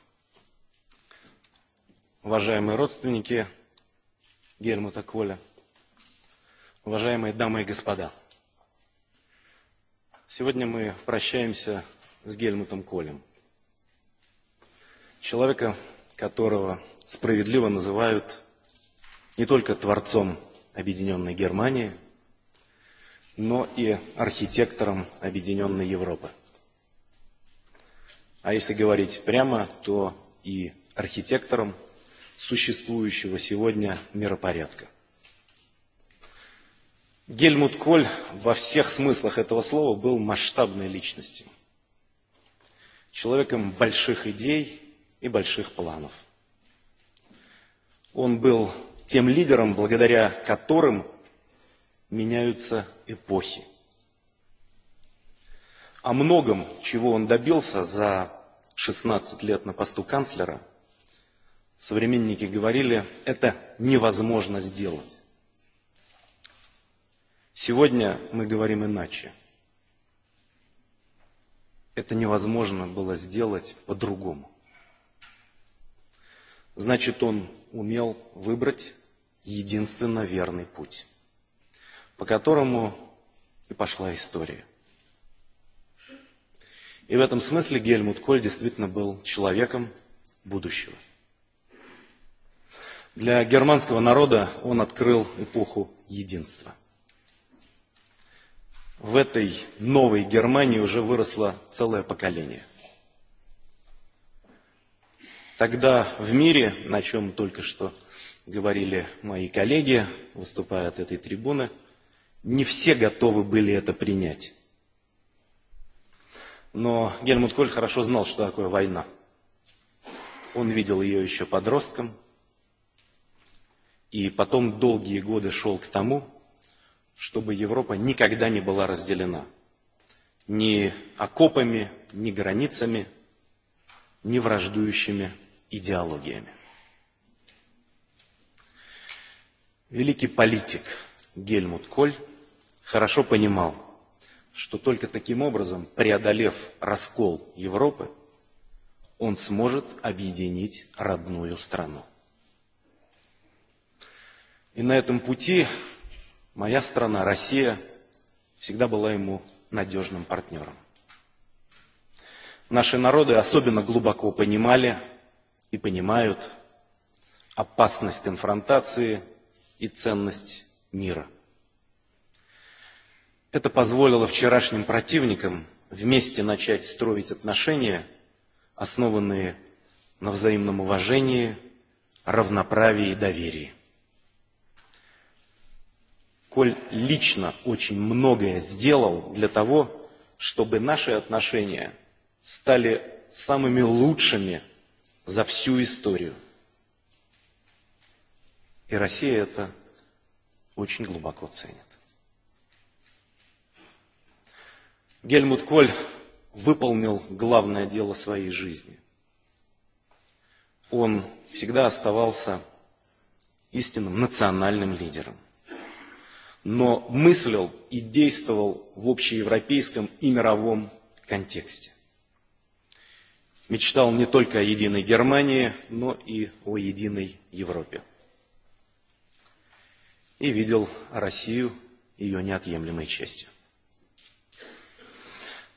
уважаемые родственники Гермута Коля, уважаемые дамы и господа. Сегодня мы прощаемся с Гельмутом Колем, человека, которого справедливо называют не только творцом Объединенной Германии, но и архитектором Объединенной Европы. А если говорить прямо, то и архитектором – существующего сегодня миропорядка. Гельмут Коль во всех смыслах этого слова был масштабной личностью, человеком больших идей и больших планов. Он был тем лидером, благодаря которым меняются эпохи. О многом, чего он добился за 16 лет на посту канцлера – современники говорили, это невозможно сделать. Сегодня мы говорим иначе. Это невозможно было сделать по-другому. Значит, он умел выбрать единственно верный путь, по которому и пошла история. И в этом смысле Гельмут Коль действительно был человеком будущего. Для германского народа он открыл эпоху единства. В этой новой Германии уже выросло целое поколение. Тогда в мире, на чем только что говорили мои коллеги, выступая от этой трибуны, не все готовы были это принять. Но Гельмут Коль хорошо знал, что такое война. Он видел ее еще подростком – И потом долгие годы шел к тому, чтобы Европа никогда не была разделена. Ни окопами, ни границами, ни враждующими идеологиями. Великий политик Гельмут Коль хорошо понимал, что только таким образом, преодолев раскол Европы, он сможет объединить родную страну. И на этом пути моя страна, Россия, всегда была ему надежным партнером. Наши народы особенно глубоко понимали и понимают опасность конфронтации и ценность мира. Это позволило вчерашним противникам вместе начать строить отношения, основанные на взаимном уважении, равноправии и доверии. Коль лично очень многое сделал для того, чтобы наши отношения стали самыми лучшими за всю историю. И Россия это очень глубоко ценит. Гельмут Коль выполнил главное дело своей жизни. Он всегда оставался истинным национальным лидером но мыслил и действовал в общеевропейском и мировом контексте. Мечтал не только о единой Германии, но и о единой Европе. И видел Россию ее неотъемлемой частью.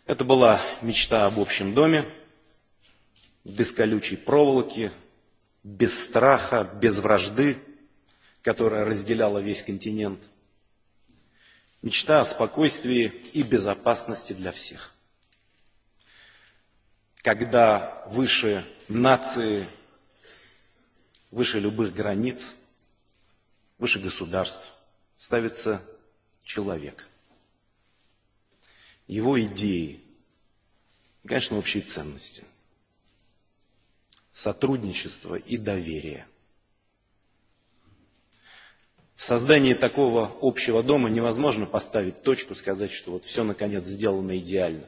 Это была мечта об общем доме, без колючей проволоки, без страха, без вражды, которая разделяла весь континент – Мечта о спокойствии и безопасности для всех. Когда выше нации, выше любых границ, выше государств ставится человек, его идеи и, конечно, общие ценности, сотрудничество и доверие. В создании такого общего дома невозможно поставить точку, сказать, что вот все, наконец, сделано идеально.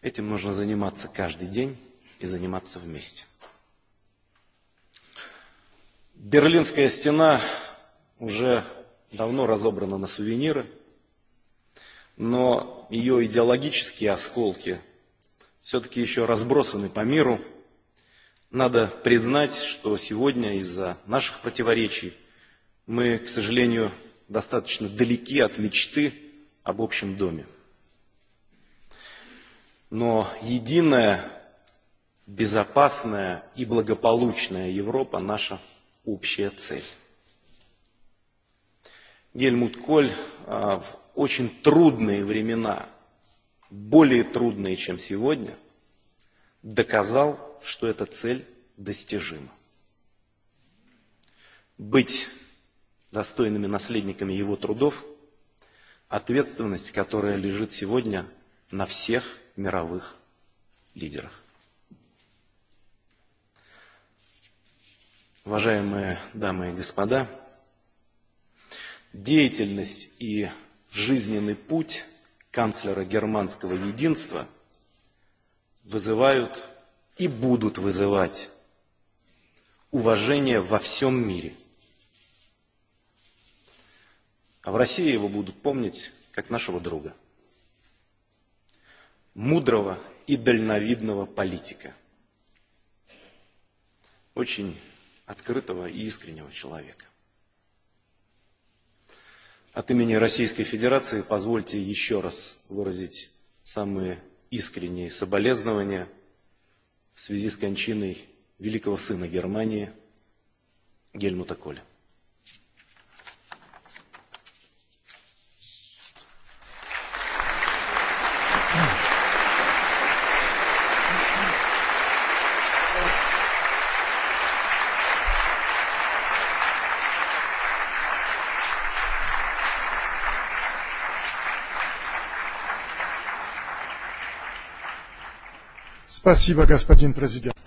Этим нужно заниматься каждый день и заниматься вместе. Берлинская стена уже давно разобрана на сувениры, но ее идеологические осколки все-таки еще разбросаны по миру. Надо признать, что сегодня из-за наших противоречий – мы, к сожалению, достаточно далеки от мечты об общем доме. Но единая, безопасная и благополучная Европа – наша общая цель. Гельмут Коль в очень трудные времена, более трудные, чем сегодня, доказал, что эта цель достижима. Быть достойными наследниками его трудов, ответственность, которая лежит сегодня на всех мировых лидерах. Уважаемые дамы и господа, деятельность и жизненный путь канцлера германского единства вызывают и будут вызывать уважение во всем мире – А в России его будут помнить как нашего друга. Мудрого и дальновидного политика. Очень открытого и искреннего человека. От имени Российской Федерации позвольте еще раз выразить самые искренние соболезнования в связи с кончиной великого сына Германии Гельмута Коля. Спасибо, господин президент.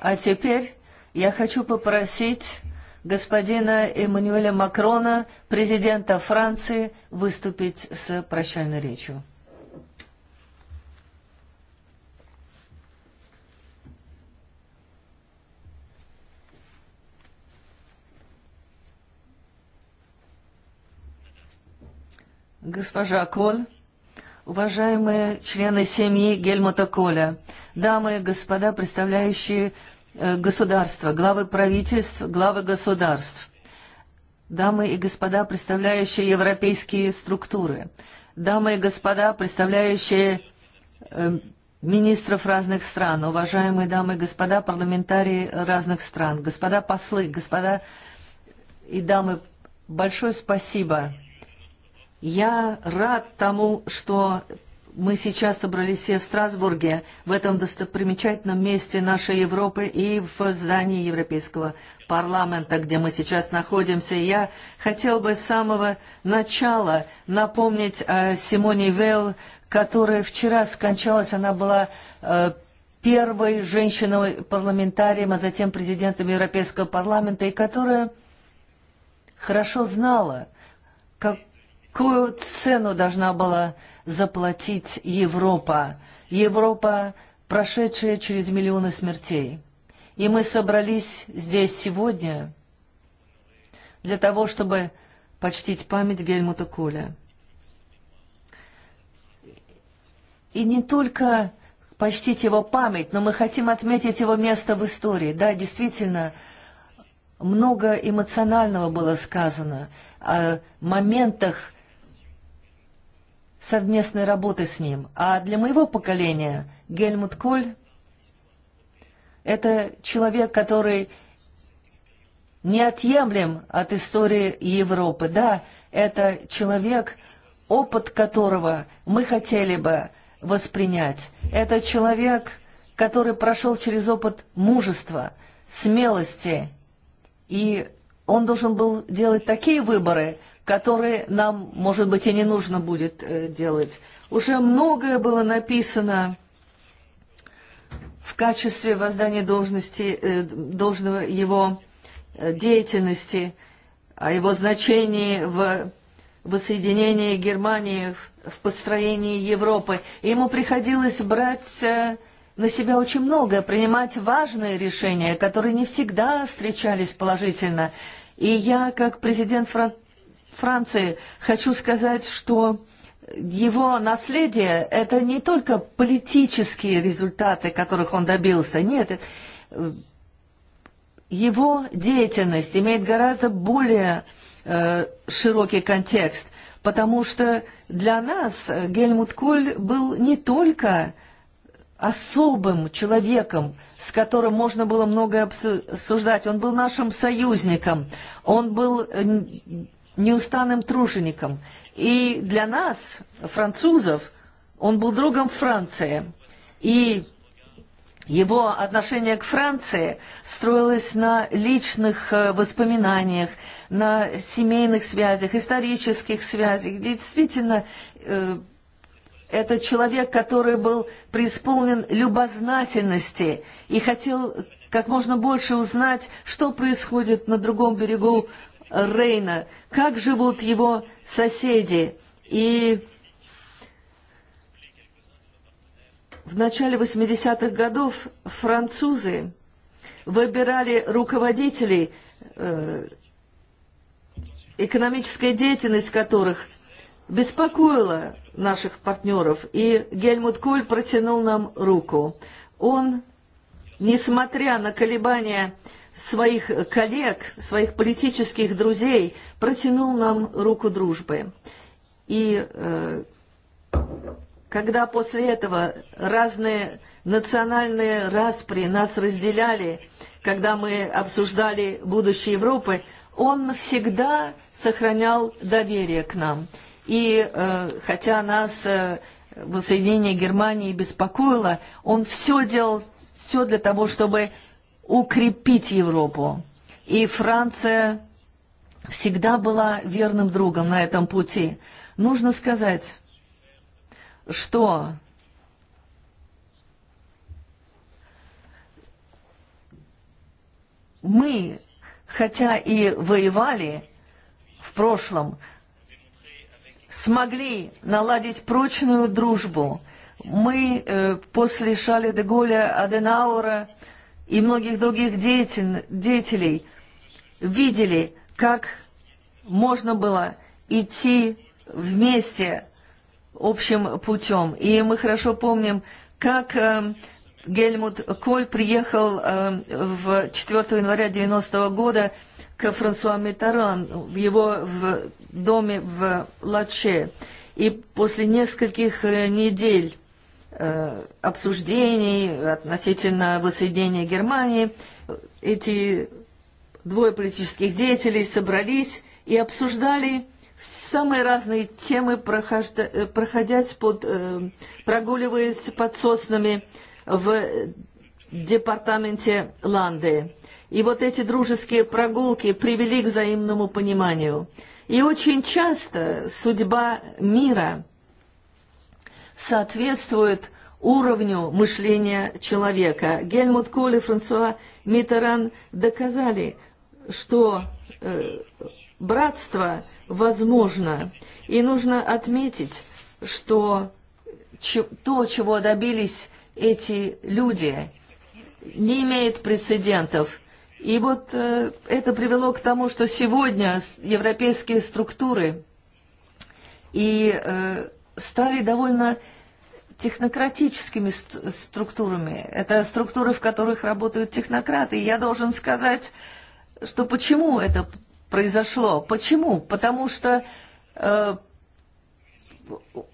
А теперь я хочу попросить господина Эммануэля Макрона, президента Франции, выступить с прощальной речью. Госпожа Коль уважаемые члены семьи Гельмута Коля, дамы и господа, представляющие э, государства, главы правительств, главы государств, дамы и господа, представляющие европейские структуры, дамы и господа, представляющие э, министров разных стран, уважаемые дамы и господа, парламентарии разных стран, господа послы, господа и дамы, большое спасибо. Спасибо Я рад тому, что мы сейчас собрались все в Страсбурге, в этом достопримечательном месте нашей Европы и в здании Европейского парламента, где мы сейчас находимся. Я хотел бы с самого начала напомнить о Симоне Вел, которая вчера скончалась. Она была э, первой женщиной-парламентарием, а затем президентом Европейского парламента, и которая хорошо знала, как Какую цену должна была заплатить Европа? Европа, прошедшая через миллионы смертей. И мы собрались здесь сегодня для того, чтобы почтить память Гельмута Коля. И не только почтить его память, но мы хотим отметить его место в истории. Да, действительно, много эмоционального было сказано о моментах, совместной работы с ним. А для моего поколения Гельмут Коль – это человек, который неотъемлем от истории Европы. Да, это человек, опыт которого мы хотели бы воспринять. Это человек, который прошел через опыт мужества, смелости, и он должен был делать такие выборы – которые нам, может быть, и не нужно будет э, делать. Уже многое было написано в качестве воздания должности, э, должного его э, деятельности, о его значении в воссоединении Германии, в построении Европы. И ему приходилось брать на себя очень много, принимать важные решения, которые не всегда встречались положительно. И я, как президент Франции, Франции, хочу сказать, что его наследие – это не только политические результаты, которых он добился. Нет, э, его деятельность имеет гораздо более э, широкий контекст, потому что для нас э, Гельмут Коль был не только особым человеком, с которым можно было многое обсуждать. Он был нашим союзником, он был э, неустанным тружеником. И для нас, французов, он был другом Франции. И его отношение к Франции строилось на личных э, воспоминаниях, на семейных связях, исторических связях. Действительно, э, это человек, который был преисполнен любознательности и хотел как можно больше узнать, что происходит на другом берегу Рейна, как живут его соседи. И в начале 80-х годов французы выбирали руководителей, э, экономическая деятельность которых беспокоила наших партнеров, и Гельмут Коль протянул нам руку. Он, несмотря на колебания своих коллег, своих политических друзей, протянул нам руку дружбы. И э, когда после этого разные национальные распри нас разделяли, когда мы обсуждали будущее Европы, он всегда сохранял доверие к нам. И э, хотя нас э, воссоединение Германии беспокоило, он все делал, все для того, чтобы укрепить Европу. И Франция всегда была верным другом на этом пути. Нужно сказать, что мы, хотя и воевали в прошлом, смогли наладить прочную дружбу. Мы э, после Шаля де Голля, Аденаура, э, и многих других деятель, деятелей видели, как можно было идти вместе общим путем. И мы хорошо помним, как э, Гельмут Коль приехал э, в 4 января 90 -го года к Франсуа Митаран, его в доме в Латше. И после нескольких э, недель Э, обсуждений относительно воссоединения Германии. Эти двое политических деятелей собрались и обсуждали самые разные темы, э, проходясь под, э, прогуливаясь под соснами в департаменте Ланды. И вот эти дружеские прогулки привели к взаимному пониманию. И очень часто судьба мира соответствует уровню мышления человека. Гельмут Коль и Франсуа Миттеран доказали, что э, братство возможно. И нужно отметить, что то, чего добились эти люди, не имеет прецедентов. И вот э, это привело к тому, что сегодня европейские структуры и э, стали довольно технократическими структурами. Это структуры, в которых работают технократы. И я должен сказать, что почему это произошло. Почему? Потому что э,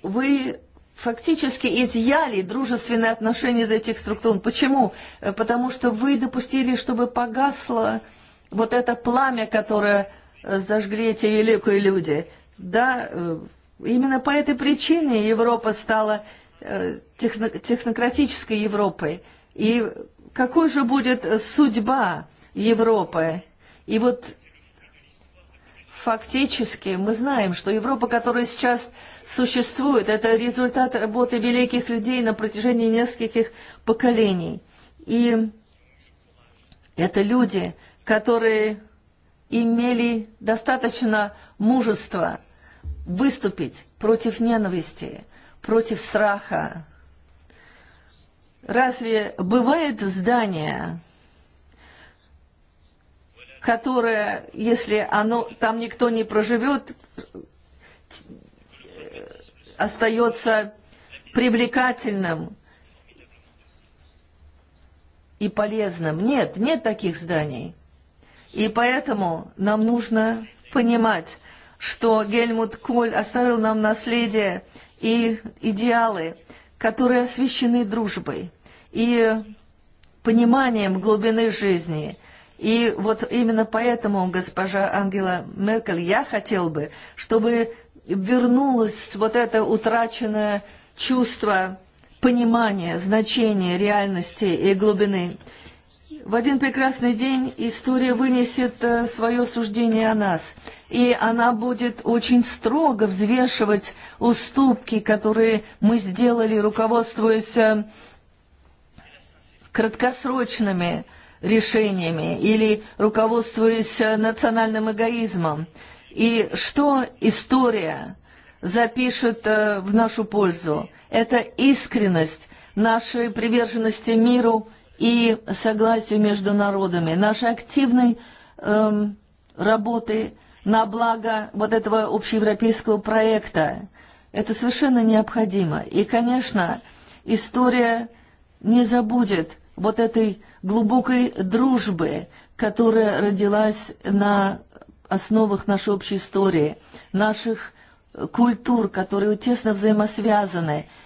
вы фактически изъяли дружественные отношения из этих структур. Почему? Э, потому что вы допустили, чтобы погасло вот это пламя, которое э, зажгли эти великие люди. Да, э, Именно по этой причине Европа стала э, техно технократической Европой. И какой же будет э, судьба Европы? И вот фактически мы знаем, что Европа, которая сейчас существует, это результат работы великих людей на протяжении нескольких поколений. И это люди, которые имели достаточно мужества выступить против ненависти, против страха. Разве бывает здание, которое, если оно, там никто не проживет, остается привлекательным и полезным. Нет, нет таких зданий. И поэтому нам нужно понимать, что Гельмут Коль оставил нам наследие и идеалы, которые освящены дружбой и пониманием глубины жизни. И вот именно поэтому, госпожа Ангела Меркель, я хотел бы, чтобы вернулось вот это утраченное чувство понимания, значения реальности и глубины. В один прекрасный день история вынесет э, свое суждение о нас, и она будет очень строго взвешивать уступки, которые мы сделали, руководствуясь э, краткосрочными решениями или руководствуясь э, национальным эгоизмом. И что история запишет в нашу пользу? Это искренность нашей приверженности миру и согласию между народами, нашей активной эм, работы на благо вот этого общеевропейского проекта. Это совершенно необходимо. И, конечно, история не забудет вот этой глубокой дружбы, которая родилась на основах нашей общей истории, наших культур, которые тесно взаимосвязаны –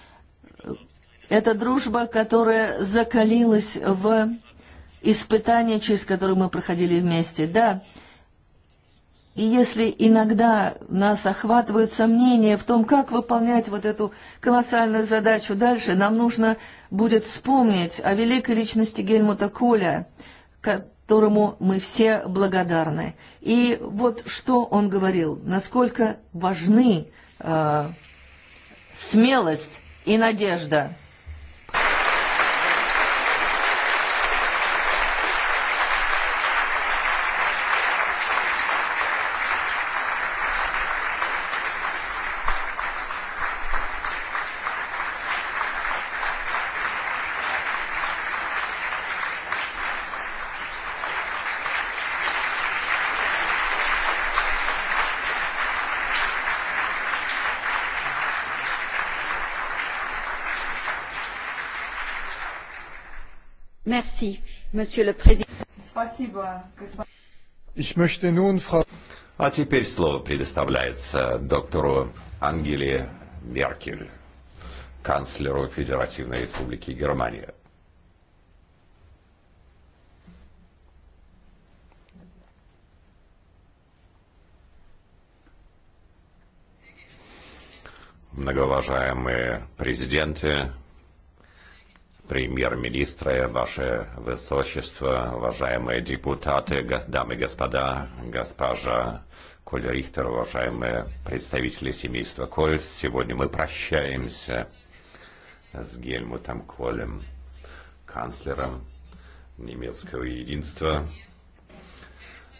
Это дружба, которая закалилась в испытания, через которые мы проходили вместе. Да, и если иногда нас охватывают сомнения в том, как выполнять вот эту колоссальную задачу дальше, нам нужно будет вспомнить о великой личности Гельмута Коля, которому мы все благодарны. И вот что он говорил, насколько важны э, смелость и надежда. Merci, Monsieur le Président. Ich möchte nun Frau... А теперь слово предоставляется доктору Ангеле Меркель, канцлеру Федеративной Республики Германия. Многоуважаемые президенты, премьер-министра, ваше высочество, уважаемые депутаты, дамы и господа, госпожа Коль Рихтер, уважаемые представители семейства Коль, сегодня мы прощаемся с Гельмутом Колем, канцлером немецкого единства,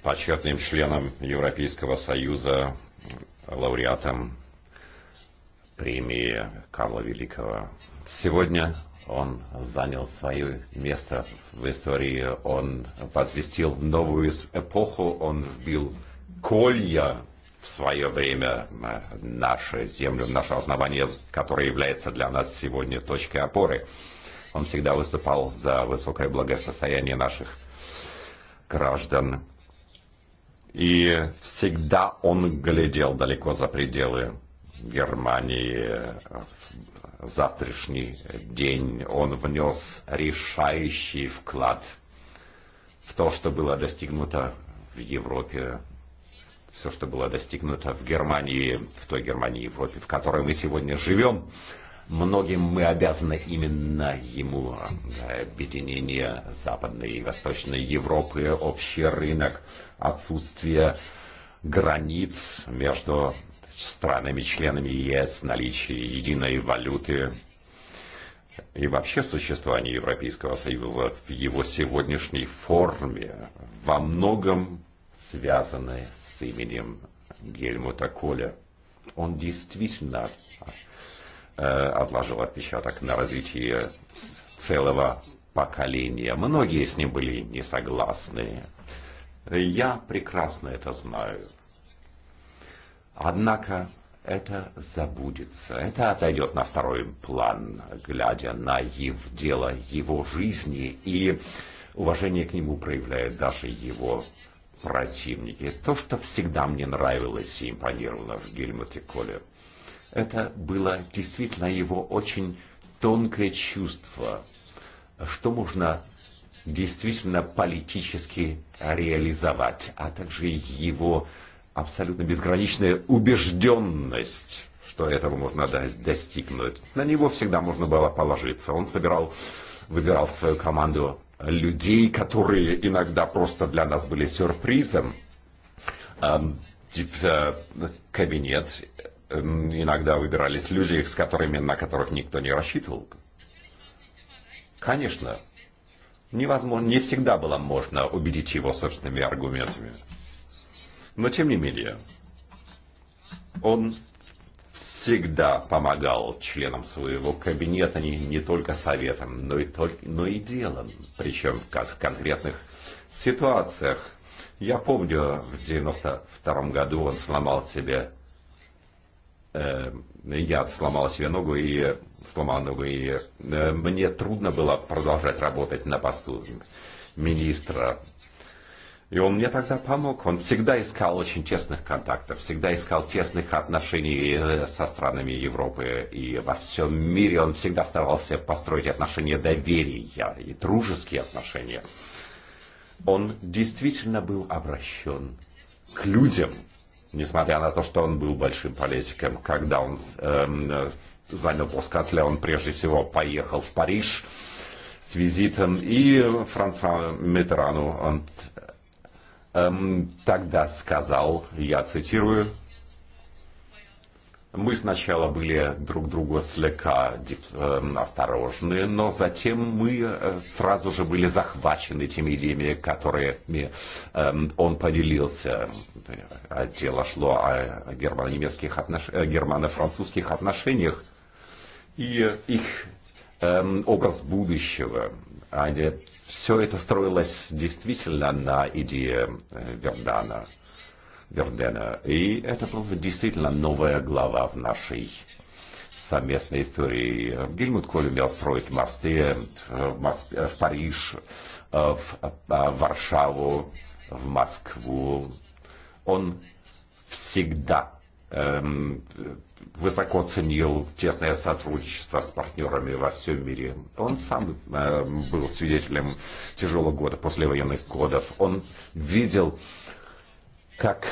почетным членом Европейского Союза, лауреатом премии Карла Великого. Сегодня он занял свое место в истории, он возвестил новую эпоху, он вбил колья в свое время нашу землю, наше основание, которое является для нас сегодня точкой опоры. Он всегда выступал за высокое благосостояние наших граждан. И всегда он глядел далеко за пределы Германии э, в завтрашний день. Он внес решающий вклад в то, что было достигнуто в Европе, все, что было достигнуто в Германии, в той Германии и Европе, в которой мы сегодня живем. Многим мы обязаны именно ему объединение Западной и Восточной Европы, общий рынок, отсутствие границ между странами-членами ЕС, наличие единой валюты и вообще существование Европейского Союза в его сегодняшней форме во многом связаны с именем Гельмута Коля. Он действительно э, отложил отпечаток на развитие целого поколения. Многие с ним были не согласны. Я прекрасно это знаю. Однако это забудется, это отойдет на второй план, глядя на его, дело его жизни, и уважение к нему проявляет даже его противники. То, что всегда мне нравилось и импонировало в Гельмуте Коле, это было действительно его очень тонкое чувство, что можно действительно политически реализовать, а также его э, абсолютно безграничная убежденность, что этого можно достигнуть. На него всегда можно было положиться. Он собирал, выбирал в свою команду людей, которые иногда просто для нас были сюрпризом. В э, кабинет. Иногда выбирались люди, с которыми, на которых никто не рассчитывал. Конечно, невозможно, не всегда было можно убедить его собственными аргументами. Но тем не менее, он всегда помогал членам своего кабинета не, не только советом, но и, только, но и делом, причем в, в конкретных ситуациях. Я помню, в 92 году он сломал себе, э, я сломал себе ногу и сломал ногу, и э, мне трудно было продолжать работать на посту министра И он мне тогда помог. Он всегда искал очень тесных контактов, всегда искал тесных отношений э, со странами Европы и во всем мире. Он всегда старался построить отношения доверия и дружеские отношения. Он действительно был обращен к людям, несмотря на то, что он был большим политиком. Когда он эм, занял пост он прежде всего поехал в Париж с визитом и Франца Митерану он тогда сказал, я цитирую, мы сначала были друг другу слегка э, осторожны, но затем мы э, сразу же были захвачены теми идеями, которыми э, он поделился. Э, дело шло о германо-немецких отнош... Э, германо-французских отношениях и их э, образ будущего, они все это строилось действительно на идее э, Вердана. Вердена. И это была действительно новая глава в нашей совместной истории. Гельмут умел строить мосты э, в, Мос... Э, в Париж, в Варшаву, в Москву. Он всегда высоко ценил тесное сотрудничество с партнерами во всем мире. Он сам э, был свидетелем тяжелого года, послевоенных годов. Он видел, как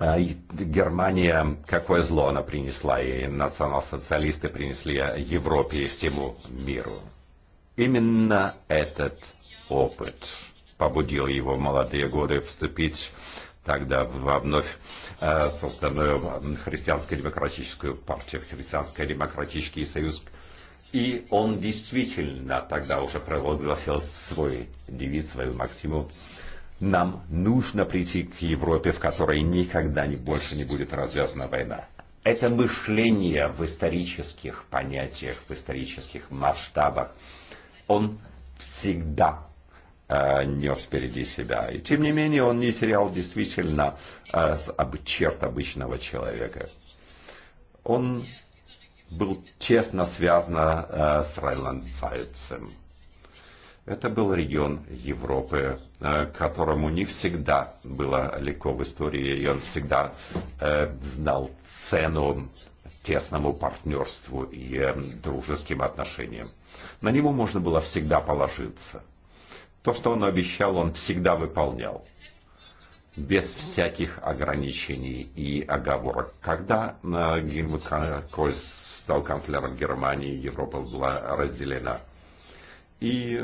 э, Германия, какое зло она принесла, и национал-социалисты принесли Европе и всему миру. Именно этот опыт побудил его в молодые годы вступить тогда во вновь э, созданную христианско-демократическую партию, христианско-демократический союз. И он действительно тогда уже провозгласил свой девиз, свою максимум. Нам нужно прийти к Европе, в которой никогда не, больше не будет развязана война. Это мышление в исторических понятиях, в исторических масштабах. Он всегда нес впереди себя. И тем не менее он не терял действительно черт обычного человека. Он был тесно связан с райланд Это был регион Европы, которому не всегда было легко в истории, и он всегда знал цену тесному партнерству и дружеским отношениям. На него можно было всегда положиться – То, что он обещал, он всегда выполнял. Без всяких ограничений и оговорок. Когда э, Гельмут Кольс стал канцлером Германии, Европа была разделена. И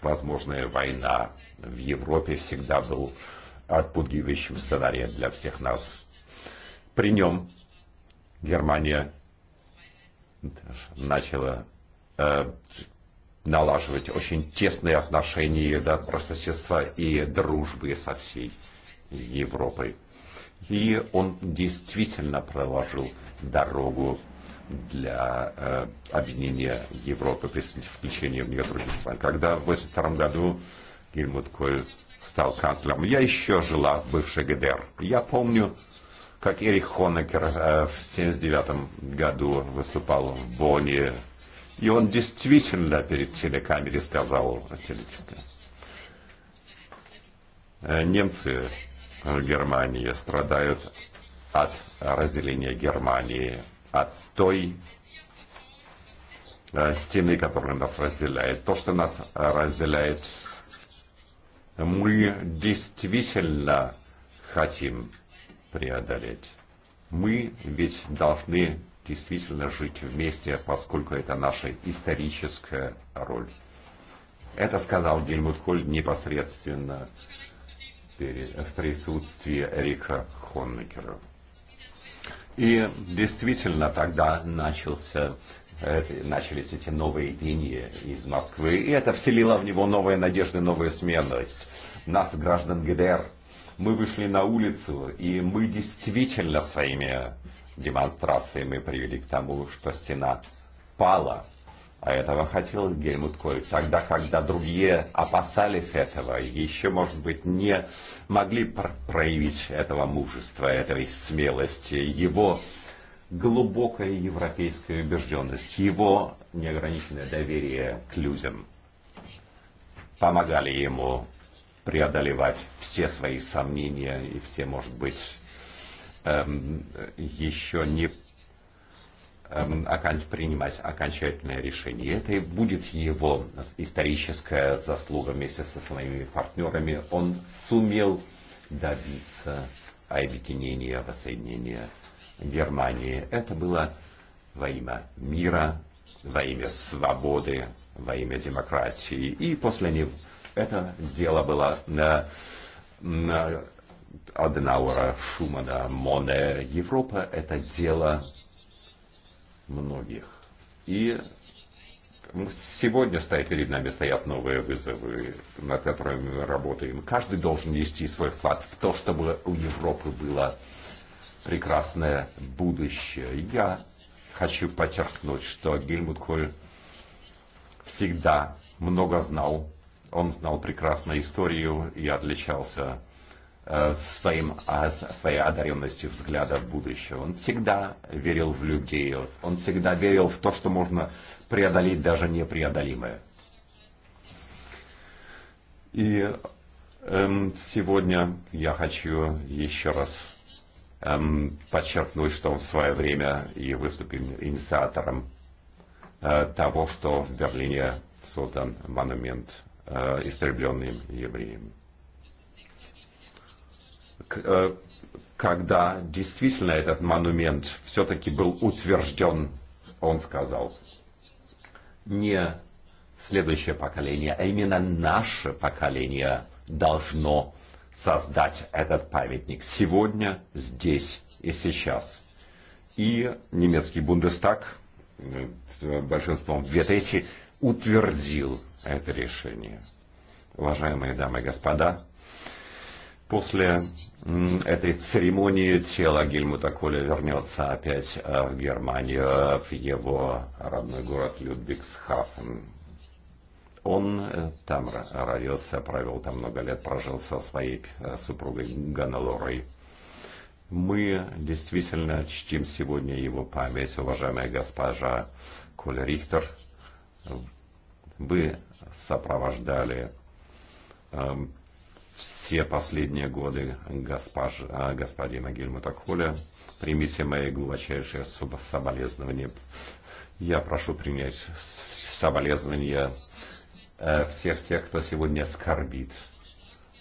возможная война в Европе всегда был отпугивающим сценарием для всех нас. При нем Германия начала э, налаживать очень тесные отношения да, сестра и дружбы со всей Европой. И он действительно проложил дорогу для э, объединения Европы при включении в нее других стран. Когда в 1982 году Гельмут Коль стал канцлером, я еще жила в бывшей ГДР. Я помню, как Эрих Хонекер э, в 1979 году выступал в Бонне И он действительно перед телекамерой сказал телекамере. Немцы в Германии страдают от разделения Германии, от той стены, которая нас разделяет, то, что нас разделяет, мы действительно хотим преодолеть. Мы ведь должны действительно жить вместе, поскольку это наша историческая роль. Это сказал Гельмут Холь непосредственно в присутствии Эрика Хоннекера. И действительно тогда начался, э, начались эти новые линии из Москвы, и это вселило в него новые надежды, новую смелость. Нас, граждан ГДР, мы вышли на улицу, и мы действительно своими демонстрации мы привели к тому, что Сенат пала. А этого хотел Гельмут Коль. Тогда, когда другие опасались этого, еще, может быть, не могли проявить этого мужества, этой смелости, его глубокая европейская убежденность, его неограниченное доверие к людям помогали ему преодолевать все свои сомнения и все, может быть, Ehm, еще не ehm, принимать окончательное решение. Это и будет его историческая заслуга вместе со своими партнерами. Он сумел добиться объединения, воссоединения Германии. Это было во имя мира, во имя свободы, во имя демократии. И после него это дело было на Аденауэра, Шумана, Моне. Европа – это дело многих. И сегодня стоят перед нами стоят новые вызовы, над которыми мы работаем. Каждый должен нести свой вклад в то, чтобы у Европы было прекрасное будущее. Я хочу подчеркнуть, что Гельмут Коль всегда много знал. Он знал прекрасно историю и отличался своим, своей одаренностью взгляда в будущее. Он всегда верил в людей, он всегда верил в то, что можно преодолеть даже непреодолимое. И эм, сегодня я хочу еще раз эм, подчеркнуть, что в свое время и выступил инициатором э, того, что в Берлине создан монумент э, истребленным евреям. Э, когда действительно этот монумент все-таки был утвержден, он сказал, не следующее поколение, а именно наше поколение должно создать этот памятник сегодня, здесь и сейчас. И немецкий Бундестаг э, с большинством две трети утвердил это решение. Уважаемые дамы и господа, После этой церемонии тело Гельмута Коля вернется опять э, в Германию, э, в его родной город Людвигсхафен. Он э, там родился, провел там много лет, прожил со своей супругой Ганалорой. Мы действительно чтим сегодня его память, уважаемая госпожа Коля Рихтер. Вы сопровождали все последние годы госпож, господина Гельмута Примите мои глубочайшие соболезнования. Я прошу принять соболезнования э, всех тех, кто сегодня скорбит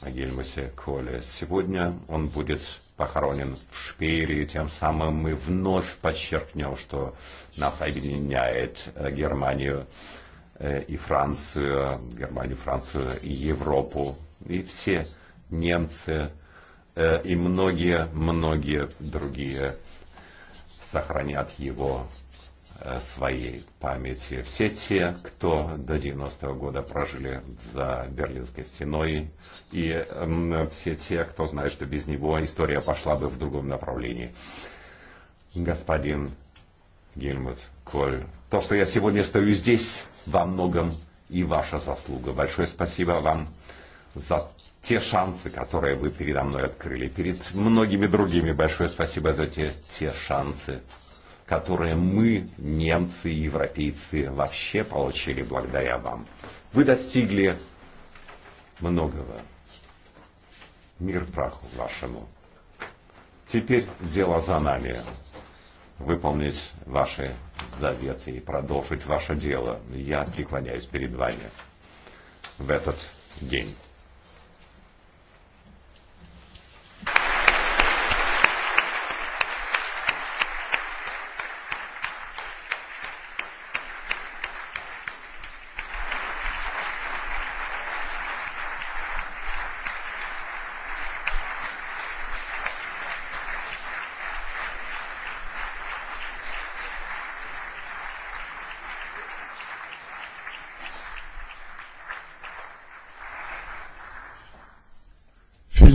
о Гельмуте Коле. Сегодня он будет похоронен в Шпире, тем самым мы вновь подчеркнем, что нас объединяет э, Германию э, и Францию, Германию, Францию и Европу и все немцы э, и многие-многие другие сохранят его э, своей памяти. Все те, кто до 90-го года прожили за Берлинской стеной, и все те, кто знает, что без него история пошла бы в другом направлении. Господин Гельмут Коль, то, что я сегодня стою здесь, во многом и ваша заслуга. Большое спасибо вам за те шансы, которые вы передо мной открыли. Перед многими другими большое спасибо за те, те шансы, которые мы, немцы и европейцы, вообще получили благодаря вам. Вы достигли многого. Мир праху вашему. Теперь дело за нами. Выполнить ваши заветы и продолжить ваше дело. Я преклоняюсь перед вами в этот день.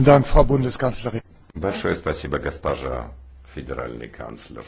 Vielen Dank, Frau Bundeskanzlerin. Большое спасибо, госпожа федеральный канцлер.